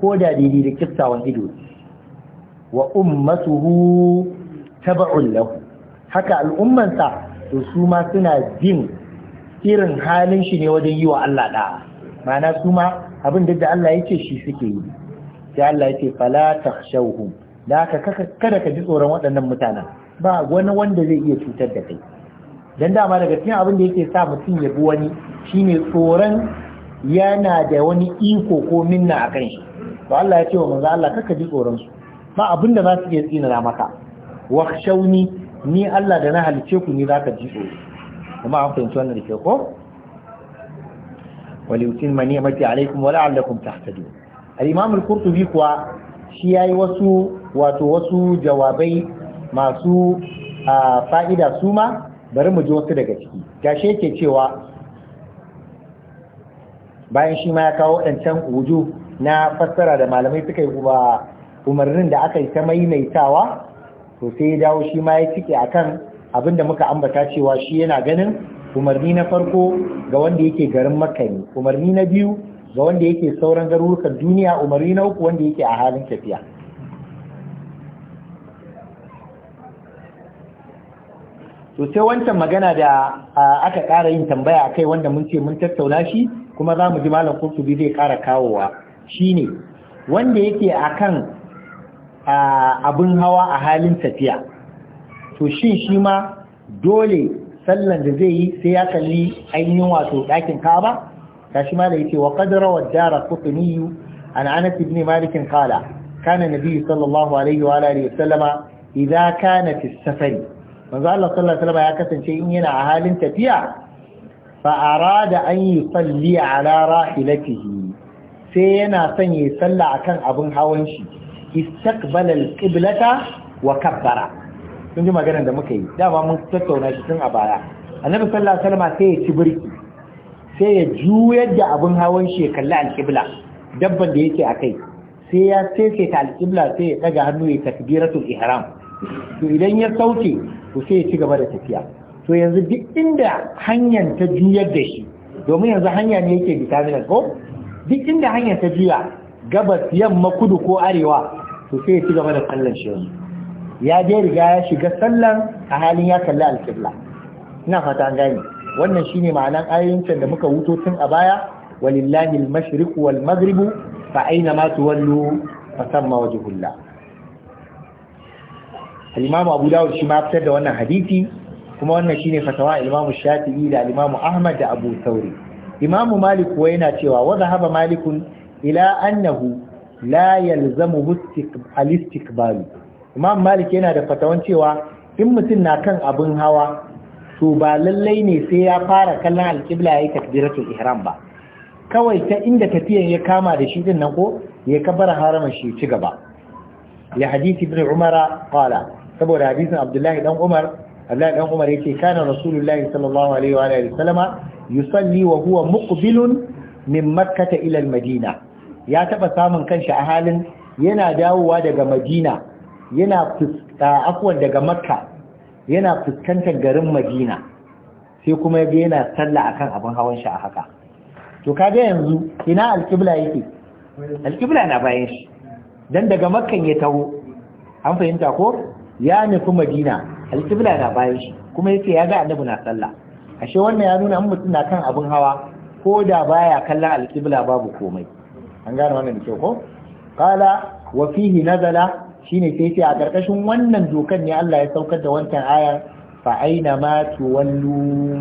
ko da didi da kiftawan ido wa ummatuhu tab'un lahu haka al'ummansa to su ma suna jin irin halin shi ne wajen yi wa Allah da'a ma'ana su ma abin da Allah yake shi suke yi sai Allah yake fala takhshawhum da haka kada ka ji tsoron waɗannan mutanen ba wani wanda zai iya cutar da kai Don dama daga cikin abin da yake sa mutum ya bi wani shine tsoron yana da wani iko ko minna a kan shi to Allah ya ce wa manzo Allah kaka ji tsoron su ba abin da za su iya tsina maka shauni ni Allah da na halice ku ni zaka ji tsoro kuma an fahimci wannan da ke ko utin mani amati alaikum wa la'allakum tahtadun al-imam al-qurtubi kuwa shi yayi wasu wato wasu jawabai masu fa'ida suma bari mu ji wasu daga ciki gashi yake cewa bayan shi ma ya kawo waɗancan wuju na fassara da malamai suka yi ba umarnin da aka yi ta maimaitawa to sai ya dawo shi ma ya cike kan abin da muka ambata cewa shi yana ganin umarni na farko ga wanda yake garin makani umarni na biyu ga wanda yake sauran garurukan duniya umarni na uku wanda yake a halin tafiya to sai wancan magana da aka ƙara yin tambaya akai wanda mun ce mun tattauna shi kuma za mu ji malam kurtubi zai ƙara kawowa shine wanda yake a kan abin hawa a halin tafiya to shin shi ma dole sallan da zai yi sai ya kalli ainihin wato ɗakin kaba ta shi ma da yake wa qadra wa dara qutniyu an anas ibn malik qala kana nabi sallallahu alaihi wa alihi wasallama idan kana fi safari manzo Allah sallallahu alaihi wasallam ya kasance in yana a halin tafiya fa arada an yusalli ala rahilatihi sai yana son yi sallah akan abin hawan shi istaqbala al wa kabbara kun ji maganar da muka yi dama mun tattauna shi tun a baya annabi sallallahu alaihi wasallam sai ya ci birki sai ya juyar da abin hawan shi ya kalli alƙibla dabban da yake a kai sai ya sai ta alƙibla sai ya ɗaga hannu ya takbiratul ihram to idan ya sauke to sai ya ci gaba da tafiya to yanzu duk inda hanyar ta juyar da shi domin yanzu hanya ne yake bitamin ko duk inda hanyar ta juya gabas yamma kudu ko arewa to sai ya ci gaba da sallan shi ya je riga ya shiga sallan a halin ya kalli alkibla ina fata an gane wannan shine ma'anar ayoyin da muka wuto tun a baya walillahi al-mashriq wal maghrib fa aina ma tuwallu fa samma wajhullah al-imam abu dawud shi ma fitar da wannan hadisi kuma wannan shine fatawa al-imam shafi'i da al-imam ahmad da abu sauri. imam malik kuwa yana cewa wa zahaba malikun ila annahu la yalzamu al-istiqbal imam malik yana da fatawan cewa in mutum na kan abin hawa to ba lallai ne sai ya fara kallon alƙibla ya yi takbiratul ihram ba kawai ta inda tafiyan ya kama da shi din nan ko ya kabara haramin shi ci gaba ya hadisi ibn umara saboda hadisin abdullahi dan umar abdullahi dan umar yake kana rasulullahi sallallahu alaihi wa alihi sallama yusalli wa huwa muqbilun min makkah ila al-madina ya taba samun kanshi a halin yana dawowa daga madina yana afwan daga makka yana fuskantar garin madina sai kuma yaga yana salla akan abin hawan shi a haka to kaga yanzu ina alƙibla yake alƙibla na bayan shi dan daga makkan ya taho an fahimta ko ya nufi madina alƙibla na bayan shi kuma yake ya ga annabi na sallah ashe wannan ya nuna an mutum na kan abin hawa ko da baya kallon alƙibla babu komai an gane wannan da kyau ko kala wa fihi nazala shine sai sai a karkashin wannan dokan ne Allah ya saukar da wancan ayar fa aina ma tuwallu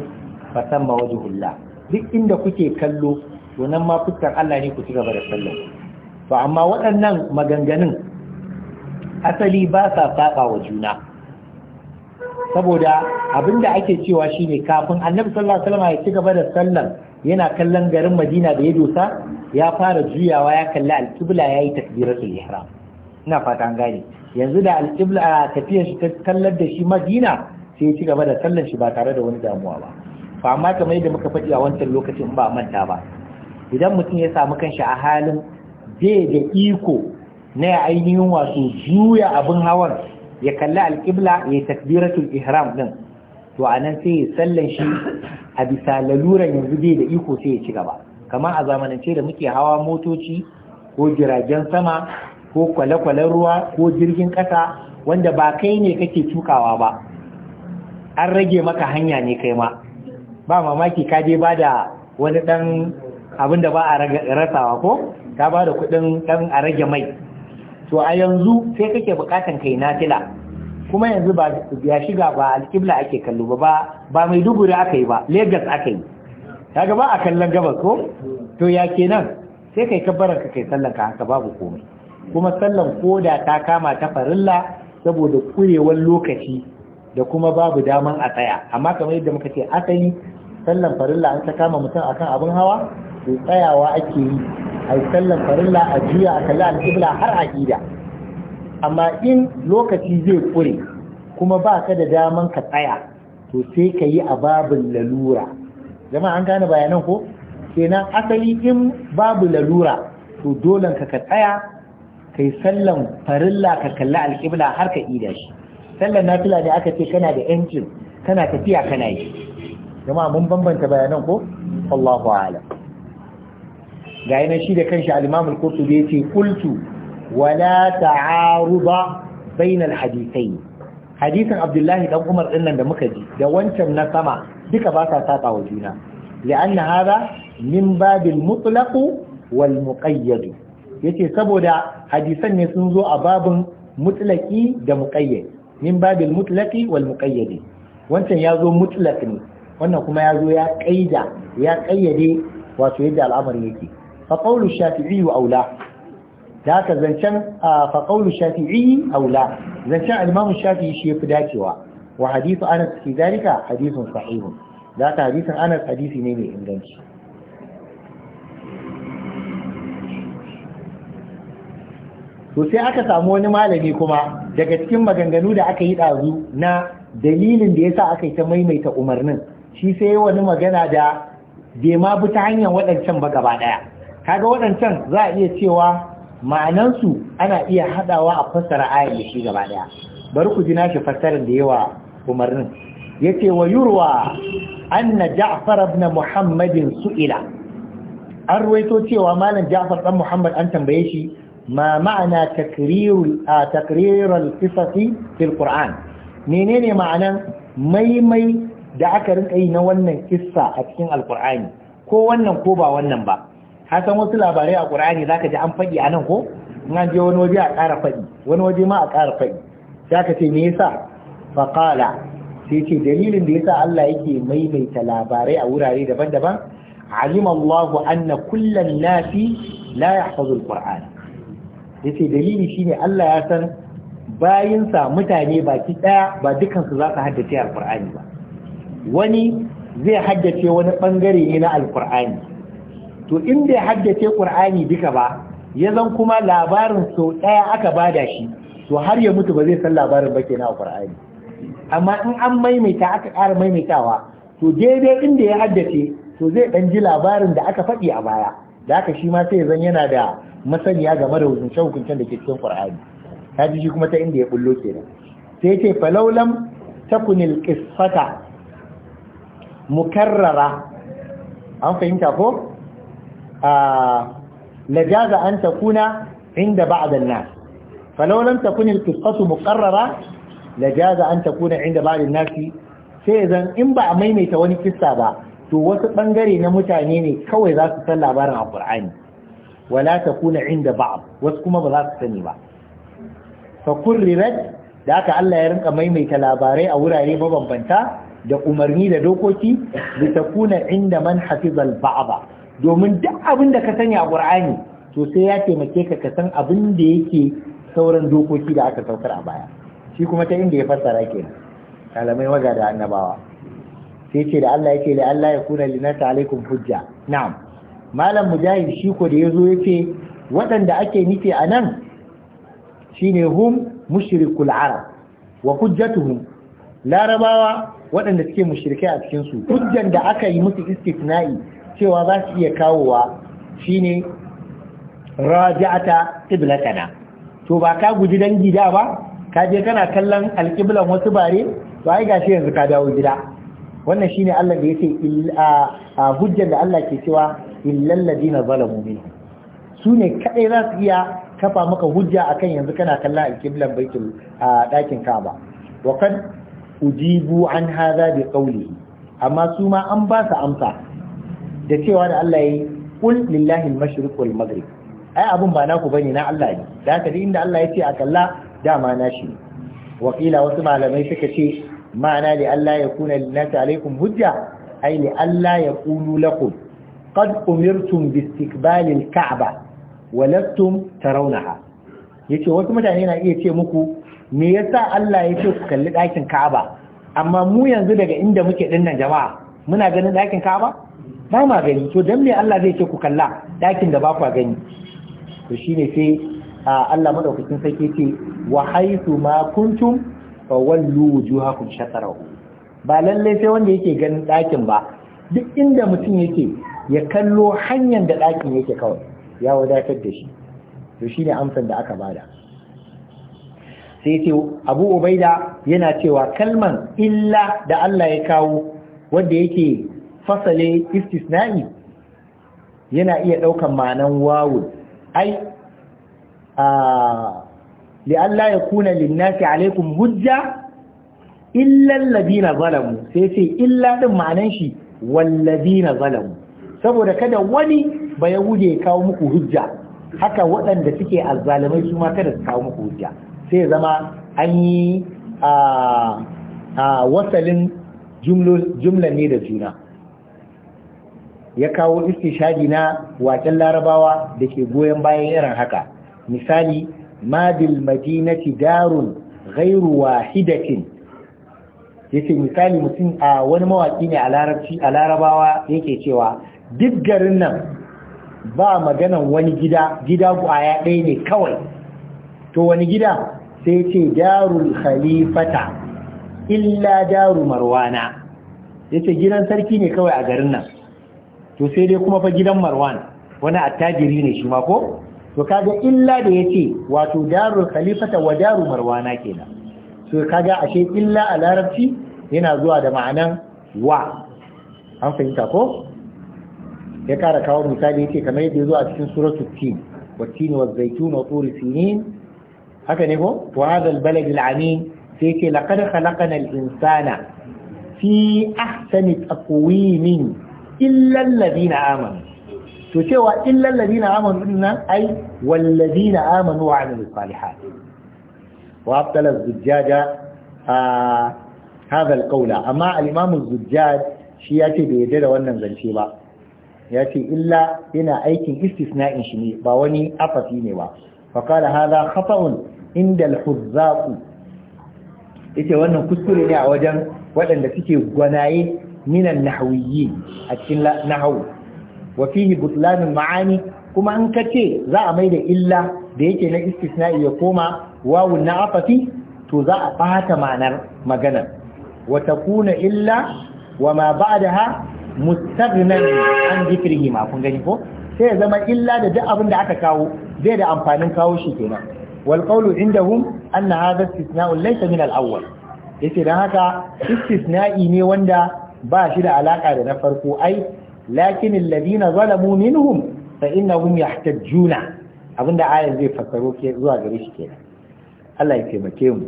fa samma wajhullah duk inda kuke kallo to nan ma fuskar Allah ne ku ci gaba da sallah to amma waɗannan maganganun asali ba sa saba wa juna saboda abinda ake cewa shine kafin annabi sallallahu alaihi wasallam ya ci gaba da sallar yana kallon garin Madina da ya dosa ya fara juyawa ya kalli al-qibla yayi takbiratul ihram ina fata an gane yanzu da al-qibla tafiyar shi ta kallar da shi Madina sai ya ci gaba da sallar shi ba tare da wani damuwa ba fa amma kamar yadda muka faɗi a wancan lokacin ba manta ba idan mutum ya samu kanshi a halin bai da iko na ya ainihin wato juya abin hawan ya kalli alƙibla ya yi takbiratul ihram din to a nan sai ya sallan shi a bisa laluran yanzu bai da iko sai ya ci gaba kamar a zamanance da muke hawa motoci ko jiragen sama ko kwale-kwalen ruwa ko jirgin ƙasa wanda ba kai ne kake tukawa ba an rage maka hanya ne kai ma ba mamaki ka je ba da wani ɗan abin da ba a rasawa ko ta ba da kuɗin ɗan a rage mai to a yanzu sai kake bukatan kai nafila kuma yanzu ba ya shiga ba alƙibla ake kallo ba ba mai duburi aka yi ba Legas aka yi kaga ba a kallon gabas ko to ya kenan sai kai ka ka kai sallan ka haka babu komai kuma sallan koda ta kama ta farilla saboda kurewar lokaci da kuma babu daman a tsaya amma kamar yadda muka ce asali sallan farilla an ta kama mutum akan abin hawa to tsayawa ake yi a yi sallan farilla a juya a kalli alƙibla har a ƙida amma in lokaci zai ƙure kuma ba ka da daman ka tsaya to sai ka yi a babin lalura jama'a an gane bayanan ko kenan asali in babu lalura to dolen ka ka tsaya ka yi sallan farilla ka kalli alƙibla har ka ƙida shi sallan fila ne aka ce kana da yancin kana tafiya kana yi jama'a mun bambanta bayanan ko Allahu a'lam ga yana shi da kanshi al-imam al-qurtubi yace kultu wala ta'aruba bain hadisai. hadithain hadisin abdullahi ɗan umar din nan da muka ji da wancan na sama duka basa sa wa juna li'anna hara, min babil mutlaq wal muqayyad yace saboda hadisan ne sun zo a babin mutlaqi da muqayyad min babil mutlaqi wal wancan ya zo mutlaq ne wannan kuma ya zo ya kaida ya kayyade wato yadda al'amari yake فقول الشافعي او لا ذاك haka zancen الشافعي او لا aula zancen الشافعي imam shafi'i shi yafi dacewa wa hadithu anas fi dalika hadithun sahih da haka hadithin anas hadisi ne mai inganci to sai aka samu wani malami kuma daga cikin maganganu da aka yi ɗazu na dalilin da yasa aka yi ta maimaita umarnin shi sai wani magana da bai ma bi ta hanyar waɗancan ba gaba ɗaya kaga waɗancan za a iya cewa ma'anansu ana iya haɗawa a fassara ayar da shi gaba ɗaya bari ku ji nashi fassarar da yawa umarnin ce wa yurwa anna ja'far ibn muhammadin su'ila an ruwaito cewa malam ja'far dan muhammad an tambaye shi ma ma'ana takrirul takrirul qisasi fil qur'an menene ma'anan maimai da aka rinka yi na wannan kissa a cikin alqur'ani ko wannan ko ba wannan ba san wasu labarai a ƙur'ani zaka ji an faɗi a nan ko in an je wani waje a ƙara faɗi wani waje ma a ƙara faɗi sai ka ce me yasa faqala sai ce dalilin da yasa Allah yake maimaita labarai a wurare daban-daban alima anna kullan nasi la yahfazu alquran yace dalili shine Allah ya san bayinsa mutane baki daya ba dukansu za su haddace alqur'ani ba wani zai haddace wani bangare ne na alqur'ani to in bai haddace qur'ani duka ba ya zan kuma labarin sau ɗaya aka bada shi to har ya mutu ba zai san labarin ba kenan a qur'ani amma in an maimaita aka ƙara maimaitawa to daidai inda ya haddace to zai ɗan ji labarin da aka faɗi a baya da aka shi ma sai zan yana da masaniya game da hukuncen hukuncen da ke cikin qur'ani ta ji shi kuma ta inda ya bullo kenan sai ce falaulam takunil qisfata mukarrara an fahimta ko lajaza an takuna inda ba'd an nasi, falau lam takun al-qisatu muqarrara an takuna inda ba'd an-nas sai zan in ba a maimaita wani kissa ba to wasu bangare na mutane ne kawai za su san labarin alqur'ani wala takuna inda ba'd kuma ba za su sani ba fa kurrirat da aka Allah ya rinka maimaita labarai a wurare mabambanta da umarni da dokoki litakuna inda man hafizal ba'da domin duk abin da ka sani a ƙur'ani to sai ya taimake ka ka san abin da yake sauran dokoki da aka saukar a baya shi kuma ta inda ya fassara kenan kalamai waga da annabawa sai ce da Allah yake da Allah ya kuna linata alaikum hujja na'am malam mujahid shi ko da yazo yace waɗanda ake nufi a nan shine hum mushrikul arab wa hujjatuhum larabawa waɗanda suke mushrikai a cikin su hujjan da aka yi musu istisna'i cewa za su iya kawowa shine raja'ata qiblatana to ba ka guji don gida ba ka je kana kallon alƙiblan wasu bare to ai gashi yanzu ka dawo gida wannan shine Allah da ce a hujjar da Allah ke cewa illal na zalamu minhum su ne kaɗai za su iya kafa maka hujja a kan yanzu kana kallon alƙiblan baitul dakin Ka'aba wa wakan ujibu an haza da qawlihi amma su ma an ba su amsa da cewa da Allah ya yi kul lillahi al wal maghrib ai abun ba naku bane na Allah ne da haka inda Allah ya ce a kalla dama na shi wakila wasu malamai suka ce ma'ana da Allah ya kuna lillahi alaikum hujja ai li Allah ya kulu lakum qad umirtum bi istiqbali al-ka'ba wa lastum tarawnaha yace wasu mutane na iya ce muku me yasa Allah ya ce ku kalli dakin Ka'aba amma mu yanzu daga inda muke dinnan jama'a muna ganin dakin Ka'aba ba ma gani to dan me Allah zai ce ku kalla dakin da ba ku gani to shine sai Allah madaukakin sarki ce wa haythu ma kuntum fa wallu wujuhakum shatara ba lalle sai wanda yake ganin dakin ba duk inda mutum yake ya kallo hanyar da dakin yake kawai ya wadatar da shi to shine amsan da aka bada sai ce abu ubaida yana cewa kalman illa da Allah ya kawo wanda yake fasale istisna'i yana iya ɗaukan manan wawu ai a li'alla ya kuna linnasi alaikum hujja illan ladina zalamu sai ce illa din ma'anan shi walladina zalamu saboda kada wani ba ya kawo muku hujja haka waɗanda suke azzalumai su ma kada su kawo muku hujja sai zama an yi a wasalin jumla ne da juna ya kawo istishadi na waken larabawa da ke goyon bayan irin haka misali ma madinati darun gairu wahidatin ce misali mutum a wani mawaki ne a larabawa yake cewa duk garin nan ba maganan wani gida gida kwaya ɗaya ne kawai to wani gida sai ce darul khalifata illa daru marwana yace gidan sarki ne kawai a garin nan to sai dai kuma fa gidan marwan wani attajiri ne shi ma ko to kaga illa da yace wato darul khalifata wa daru marwana kenan to kaga ashe illa a larabci yana zuwa da ma'anan wa an fahimta ko ya kara kawo misali yace kamar yadda zuwa cikin suratu tin wa tin wa zaitun wa sinin haka ne ko wa hadha al balad al amin sai yace laqad khalaqana al insana fi ahsani taqwimin illal na amanu to cewa illal na amanu nan ai wal na amanu wa amilus salihat wa abtala az a هذا القول amma الإمام الزجاج shi ya ce bai yarda da wannan zance ba ya ce illa yana aikin istisna'in shi ne ba wani afafi ne ba faƙala haza khata'un inda al Ita yace wannan kuskure ne a wajen waɗanda suke gwanaye minan nahawiyyi a cikin nahawu wa fihi butlanul ma'ani kuma an ce za a maida illa da yake na istisna'i ya koma wawun na afafi to za a bata ma'anar maganar wa takuna illa wa ma ba'daha mustaghnan an dhikrihi ma kun gani ko sai ya zama illa da duk abin da aka kawo zai da amfanin kawo shi kenan wal qawlu indahum anna hada istisna'un laysa min al awwal yace dan haka istisna'i ne wanda ba shi da alaka da na farko ai lakin alladhina zalamu minhum fa innahum yahtajjuna abinda ayan zai fassaro ke zuwa gare shi kenan Allah ya taimake mu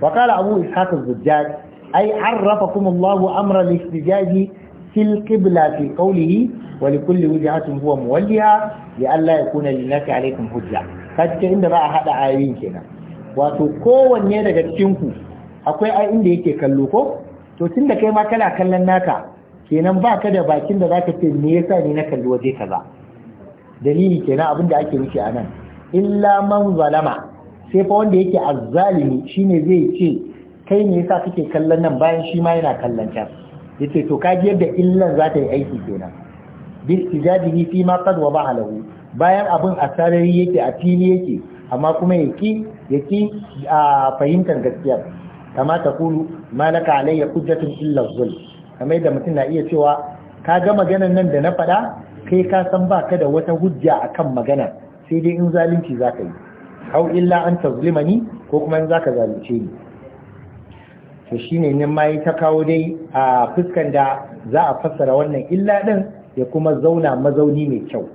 wa qala abu ishaq az-zujjaj ai arrafakum Allah amra al-istijaji fil qibla fi qawlihi wa li kulli Allah huwa muwalliha li alla yakuna linnasi alaykum hujja kace inda ba a hada ayoyin kenan wato kowanne daga cikin ku akwai ai inda yake kallo ko to tun da kai ma kana kallon naka kenan ba ka da bakin da zaka ce me yasa ni na kalli waje kaza dalili kenan abin da ake nufi a nan illa man zalama sai fa wanda yake azzalimi shine zai ce kai me yasa kake kallon nan bayan shi ma yana kallon can yace to ka ji yadda illan za ta yi aiki kenan bi tijadihi fi ma qad wa lahu bayan abun a sarari yake a fili yake amma kuma yaki yaki a fahimtar gaskiya kama ta kulu malaka alayya hujjatun illa zul kamar da mutum na iya cewa ka ga maganan nan da na faɗa kai ka san ba ka da wata hujja akan magana sai dai in zalunci za ka yi hau illa an tazlimani ko kuma in za ka zalunce ni to shine nan ma ta kawo dai a fuskan da za a fassara wannan illa din ya kuma zauna mazauni mai kyau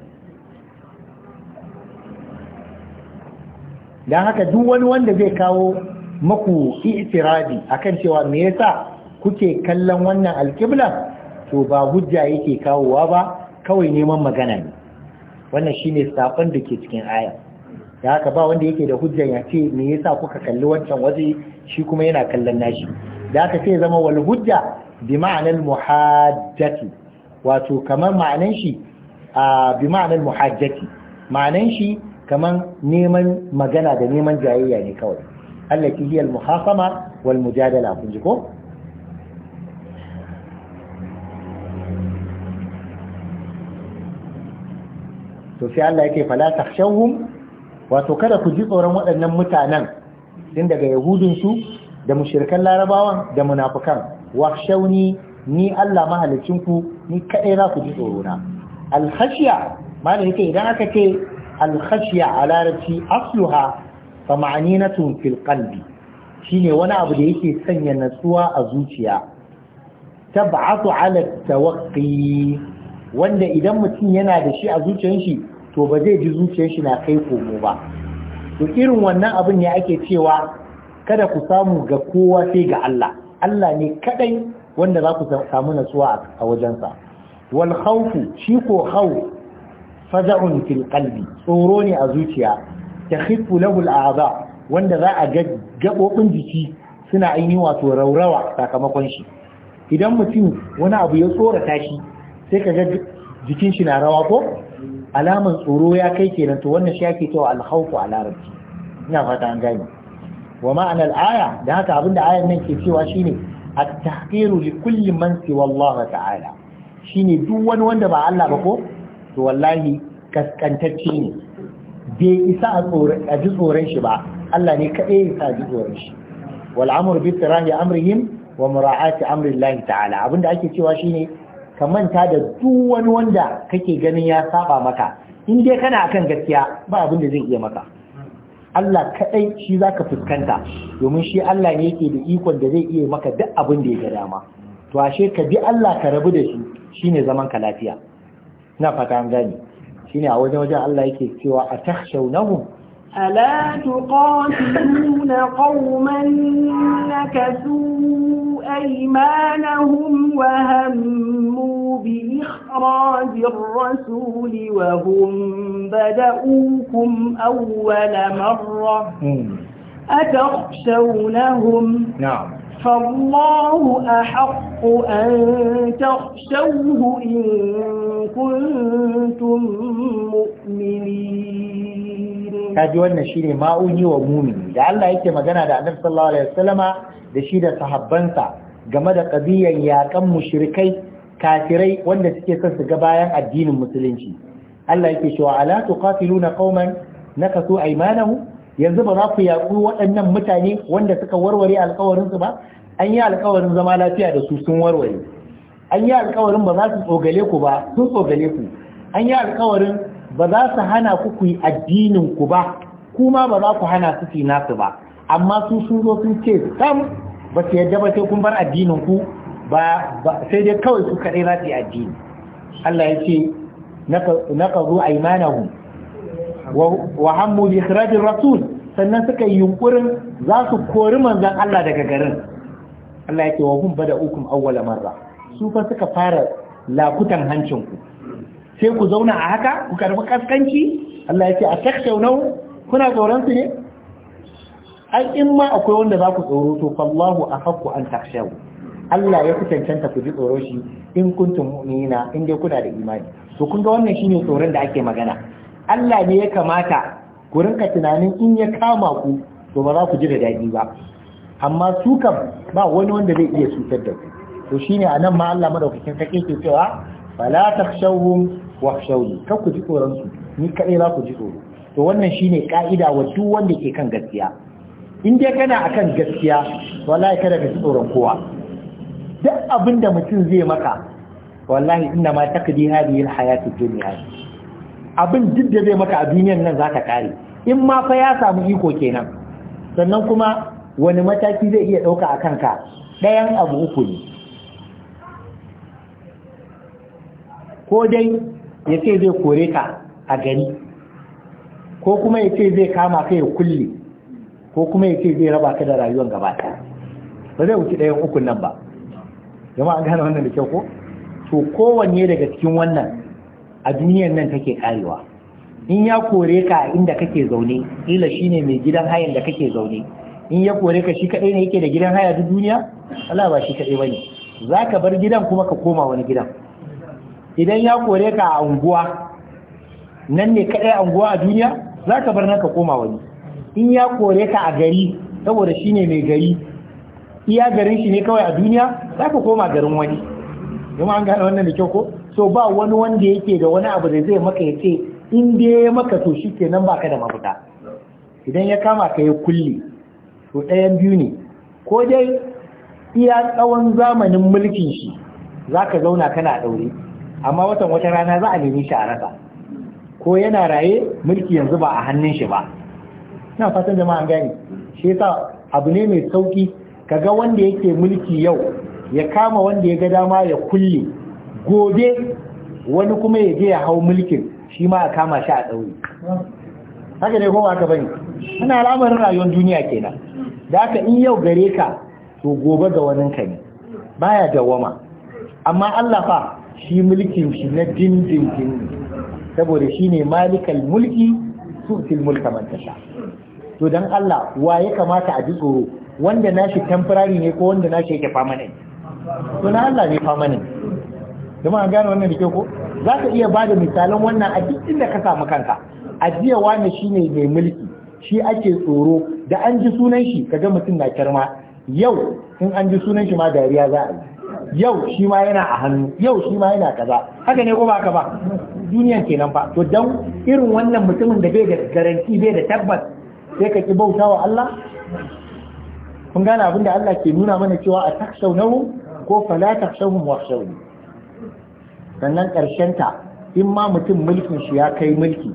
don haka duk wani wanda zai kawo maku itirabi akan cewa me yasa kuke kallon wannan alƙibla to ba hujja yake kawowa ba kawai neman magana ne wannan shine sakon da ke cikin aya da haka ba wanda yake da hujja ya ce me yasa kuka kalli wancan waje shi kuma yana kallon nashi da haka sai zama wal hujja bi ma'anar muhajjati wato kamar ma'anan shi a bi ma'anar muhajjati ma'anan shi kamar neman magana da neman jayayya ne kawai allati hiya al-muhakama wal mujadala kun ko to sai Allah yake fala takhshawhum wato kada ku ji tsoron waɗannan mutanen tun daga yahudun su da mushrikan larabawan da munafukan. wakhshawni ni Allah mahalicin ku ni kadai za ku ji tsoro na al-khashya yake idan aka ce al-khashya a larabci asluha fa ma'aninatun fil qalbi shine wani abu da yake sanya natsuwa a zuciya tab'atu ala tawaqqi wanda idan mutum yana da shi a zuciyar shi to ba zai ji zuciyar shi na kai komo ba to irin wannan abin ne ake cewa kada ku samu ga kowa sai ga Allah Allah ne kadai wanda za ku samu natsuwa a wajensa wal khawfu shi ko khawf faza'un fil qalbi tsoro ne a zuciya Hifu lahu al'adha wanda za a ga gabobin jiki suna ainihin wato raurawa sakamakon shi idan mutum wani abu ya tsorata shi sai ka ga jikin shi na rawa ko alaman tsoro ya kai kenan to wannan shi ake cewa alhaufu a larabci ina fata an wa ma'anar aya da haka abin da ayan nan ke cewa shine at-tahqiru li kulli man siwa Allah ta'ala shine duk wani wanda ba Allah ba ko to wallahi kaskantacce ne bai isa a ji tsoron shi ba Allah ne kaɗai ya sa ji tsoron shi wal amru bi tirahi amrihim wa mura'ati amrillahi ta'ala abinda ake cewa shine ka manta da duk wani wanda kake ganin ya saba maka in dai kana akan gaskiya ba abin da zai iya maka Allah kaɗai shi zaka fuskanta domin shi Allah ne yake da ikon da zai iya maka duk abin da ya ga dama to ashe ka bi Allah ka rabu da shi shine zaman ka lafiya ina fata an gani shine a wajen wajen Allah yake ألا تقاتلون قوما نكثوا أيمانهم وهموا بإخراج الرسول وهم بدأوكم أول مرة أتخشونهم نعم فالله أحق أن تخشوه إن كنتم مؤمنين kaji wannan shine ma'uni wa mumini da Allah yake magana da Annabi sallallahu alaihi da shi da sahabbansa game da ƙabiyan yaƙan mushirikai kafirai wanda suke son su ga bayan addinin musulunci Allah yake cewa ala tuqatiluna qauman nakasu aymanahum yanzu ba za ku yaƙi waɗannan mutane wanda suka warware alkawarinsu ba an yi alkawarin zama lafiya da su sun warware an yi alkawarin ba za su tsogale ku ba sun tsogale ku an yi alkawarin ba za su hana ku ku yi addinin ku ba kuma ba za ku hana su fi nasu ba amma su sun zo sun ce sam ba su yadda ba sai kun bar addinin ku ba sai dai kawai su kaɗai za su yi addini Allah ya ce naka zo aimanahum wa hammu bi ikhrajir rasul sannan suka yi yunkurin za su kori manzon Allah daga garin Allah yake wa hum bada ukum awwala marra su fa suka fara lakutan hancin ku sai ku zauna a haka ku karbi kaskanci Allah yake a nau, kuna tsoron su ne ai in ma akwai wanda za ku tsoro to fallahu ahaqqu an takshawu Allah ya fi cancanta ku ji tsoro shi in kuntum mu'minina in dai kuna da imani to kun ga wannan shine tsoron da ake magana Allah ne ya kamata ku rinka tunanin in ya kama ku to ba za ku ji da daɗi ba amma su kam ba wani wanda zai iya cutar da ku to shine anan ma Allah madaukakin sarki ke cewa fala takhshawhum wakhshawni kar ku ji tsoron su ni kadai za ku ji tsoro to wannan shine ka'ida wa duk wanda ke kan gaskiya in dai kana akan gaskiya wallahi kada ka ji tsoron kowa duk abin da mutum zai maka wallahi inna ma takdi hadhihi alhayatu dunya abin duk da zai maka a duniyan nan zaka kare in ma fa ya samu iko kenan sannan kuma wani mataki zai iya ɗauka a kanka ɗayan abu uku ne ko dai ya ce zai kore ka a gari ko kuma ya ce zai kama ka ya kulle ko kuma ya ce zai raba ka da rayuwar gaba ba zai wuce ɗayan ukun nan ba jama'a an gane wannan da kyau ko to kowanne daga cikin wannan a duniyar nan take karewa in ya kore ka inda kake zaune ila shine mai gidan hayan da kake zaune in ya kore ka shi kadai ne yake da gidan haya duk duniya Allah ba shi kadai bane zaka bar gidan kuma ka koma wani gidan idan ya kore ka a unguwa nan ne kadai unguwa a duniya zaka bar nan ka koma wani in ya kore ka a gari saboda shine mai gari iya garin shi ne kawai a duniya zaka koma garin wani kuma an gane wannan da kyau ko To ba wani wanda yake da wani abu da zai maka ya ce in dai ya maka to shi kenan ka da mafita idan ya kama ka ya kulle to ɗayan biyu ne ko dai iya tsawon zamanin mulkin shi za ka zauna kana ɗaure amma watan wata rana za a nemi shi a rasa ko yana raye mulki yanzu ba a hannun shi ba na fatan jama'an gani shi yasa abu ne mai sauki ga wanda yake mulki yau ya kama wanda ya ga dama ya kulle gobe wani kuma ya je ya hau mulkin shi ma a kama shi a ɗauri haka ne kuma ka bane ana al'amarin rayuwar duniya kenan da haka in yau gare ka to gobe ga wani ka ne baya dawama amma Allah fa shi mulkin shi na dindindin ne saboda shi ne malikal mulki fil mulka man to don Allah wa ya kamata a ji tsoro wanda nashi temporary ne ko wanda nashi yake permanent to na Allah ne permanent jama'a gane wannan da ke ko za ka iya ba da misalan wannan a duk inda ka samu kanka ajiya wani shine mai mulki shi ake tsoro da an ji sunan shi kaga mutum na karma yau in an ji sunan shi ma dariya za a yi yau shi ma yana a hannu yau shi ma yana kaza haka ne ko ba ka ba duniyan kenan fa to dan irin wannan mutumin da bai da garanti bai da tabbas sai ka ki bauta wa Allah kun gane abin da Allah ke nuna mana cewa a takshawnahu ko fala takshawhum wakhshawni sannan ta, in ma mutum mulkin shi ya kai mulki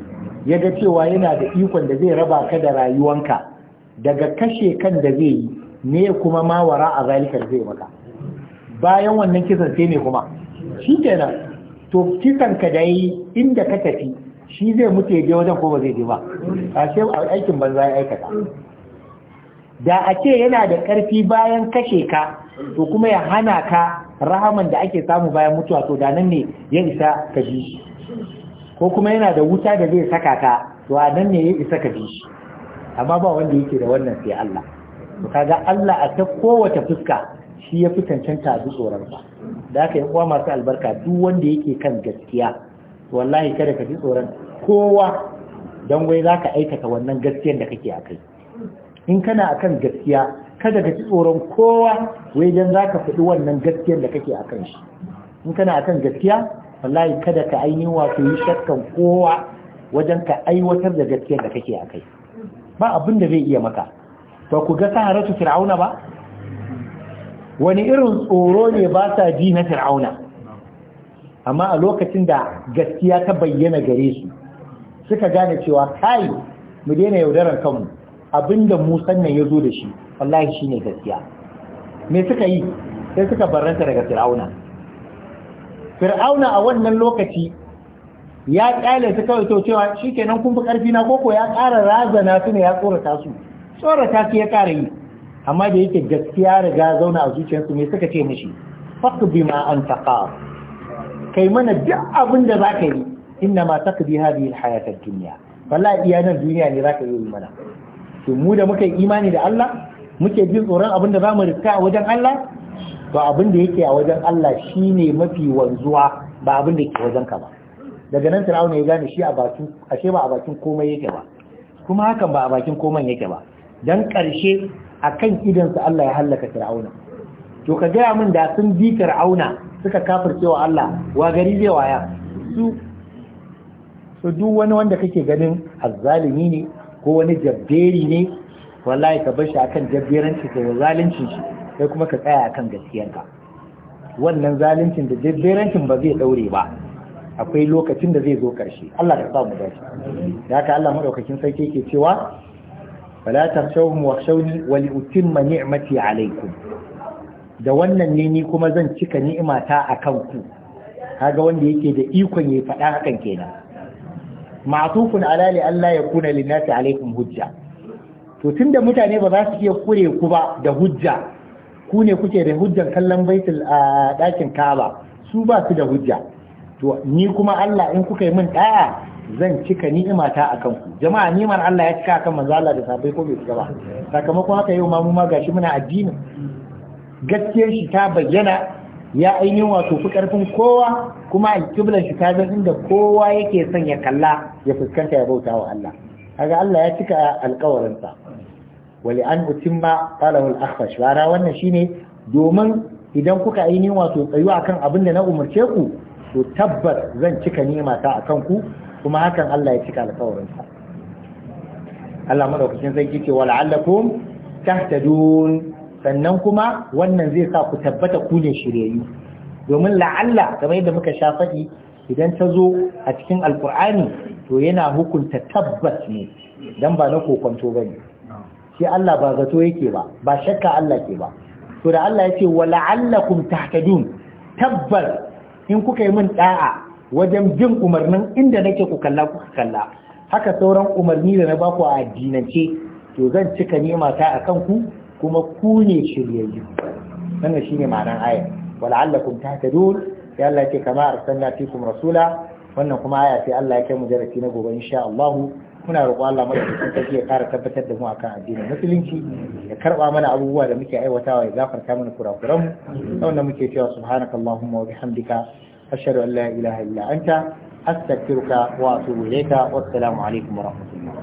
ya ga cewa yana da ikon da zai raba ka da rayuwanka daga kashe kan da zai yi ne kuma ma wara a zalikar zai maka bayan wannan kisan sai ne kuma shi kenan to kisan ka da yi inda ka tafi shi zai mutu ya je wajen ko ba zai je ba a ce aikin banza ya aikata da a ce yana da ƙarfi bayan kashe ka to kuma ya hana ka rahaman da ake samu bayan mutuwa to da nan ne ya isa ka ko kuma yana da wuta da zai saka ka to a nan ne ya isa ka amma ba wanda yake da wannan sai Allah to kaga Allah a ta kowace fuska shi ya fi cancanta a tsoron ba da haka uwa masu albarka duk wanda yake kan gaskiya wallahi kada ka ji tsoron kowa don wai zaka aikata wannan gaskiyar da kake a kai in kana akan gaskiya kada ka ci tsoron kowa wajen za ka faɗi wannan gaskiyar da kake a kan shi in kana akan gaskiya wallahi kada ka ainihin wato yi shakkan kowa wajen ka aiwatar da gaskiyar da kake a kai ba abin da zai iya maka Ba ku ga saharatu fir'auna ba wani irin tsoro ne ba sa ji na fir'auna amma a lokacin da gaskiya ta bayyana gare su suka gane cewa kai mu daina yaudaran kanmu abinda musan nan ya zo da shi wallahi ne gaskiya me suka yi sai suka barranta daga fir'auna fir'auna a wannan lokaci ya kyale su kawai to cewa kenan kun fi karfi na koko ya ƙara razana su ne ya tsorata su tsorata su ya ƙara yi amma da yake gaskiya riga zauna a zuciyarsu me suka ce mishi ma an antaqa kai mana duk abin da zaka yi inna ma taqdi hadhihi alhayat hayatar duniya. wallahi iya nan duniya ne zaka yi mana to mu da muka yi imani da Allah muke jin tsoron abin da za mu riska a wajen Allah to abin da yake a wajen Allah shine mafi wanzuwa ba abin da ke wajen ka ba daga nan Fir'auna ya gane shi a bakin ashe ba a bakin komai yake ba kuma hakan ba a bakin komai yake ba dan karshe akan idan sa Allah ya halaka Fir'auna to ka gaya min da sun bi Fir'auna suka kafircewa Allah wa gari zai waya su so duk wani wanda kake ganin azzalimi ne ko wani jabberi ne wallahi ka bar shi akan jabberanci kai wa zalincin shi sai kuma ka tsaya akan gaskiyarka wannan zalincin da jabberancin ba zai daure ba akwai lokacin da zai zo karshe Allah ka sa mu dace da haka Allah madaukakin sarki yake cewa fala takhshawhum wakhshawni wa li'timma ni'mati alaykum da wannan ne ni kuma zan cika ni'imata akan ku kaga wanda yake da ikon ya faɗa hakan kenan ma'tufun ala li Allah ya kuna linnati alaikum hujja to tun da mutane ba za su iya kure ku ba da hujja ku ne kuke da hujjan kallon baitul a ɗakin kaba su ba su da hujja to ni kuma Allah in kuka yi min ɗaya zan cika ni'imata a kanku jama'a ni'imar Allah ya cika akan manzo Allah da sabai ko bai cika ba sakamakon haka yau ma mu ma gashi muna addini gaskiyar shi ta bayyana ya ainihin wato fi karfin kowa kuma alƙiblar shi ta zan inda kowa yake son ya kalla ya fuskanta ya bauta wa Allah kaga Allah ya cika alkawarinsa wali an utimma qalahu al-akhfash bara wannan shine domin idan kuka ainihin wato tsayu akan abin da na umarce ku to tabbar zan cika nima ta akan ku kuma hakan Allah ya cika alƙawarinsa Allah madaukakin sarki ce wala'allakum tahtadun sannan kuma wannan zai sa ku tabbata ku ne shiryayyu domin la'alla kamar yadda muka sha faɗi idan ta zo a cikin alkur'ani to yana hukunta tabbas ne dan ba na kokonto bane shi Allah ba zato yake ba ba shakka Allah ke ba to da Allah ya ce wa tahtadun tabbas in kuka yi min da'a wajen bin umarnin inda nake ku kalla ku kalla haka sauran umarni da na ba ku a addinance to zan cika nema ta akan ku kuma ku ne shiryayyu wannan ne ma'anar ayar wa la'allakum tahtadun sai Allah ya ce kama arsalna fikum rasula wannan kuma aya sai Allah ya kai mu darasi na gobe insha Allah muna roƙo Allah madaukakin sarki ya kara tabbatar da mu akan addinin musulunci ya karba mana abubuwa da muke aiwatawa ya gafarta mana kurakuran mu wanda muke cewa subhanakallahumma wa bihamdika ashhadu an la ilaha illa anta astaghfiruka wa atubu ilayka wassalamu alaikum wa rahmatullah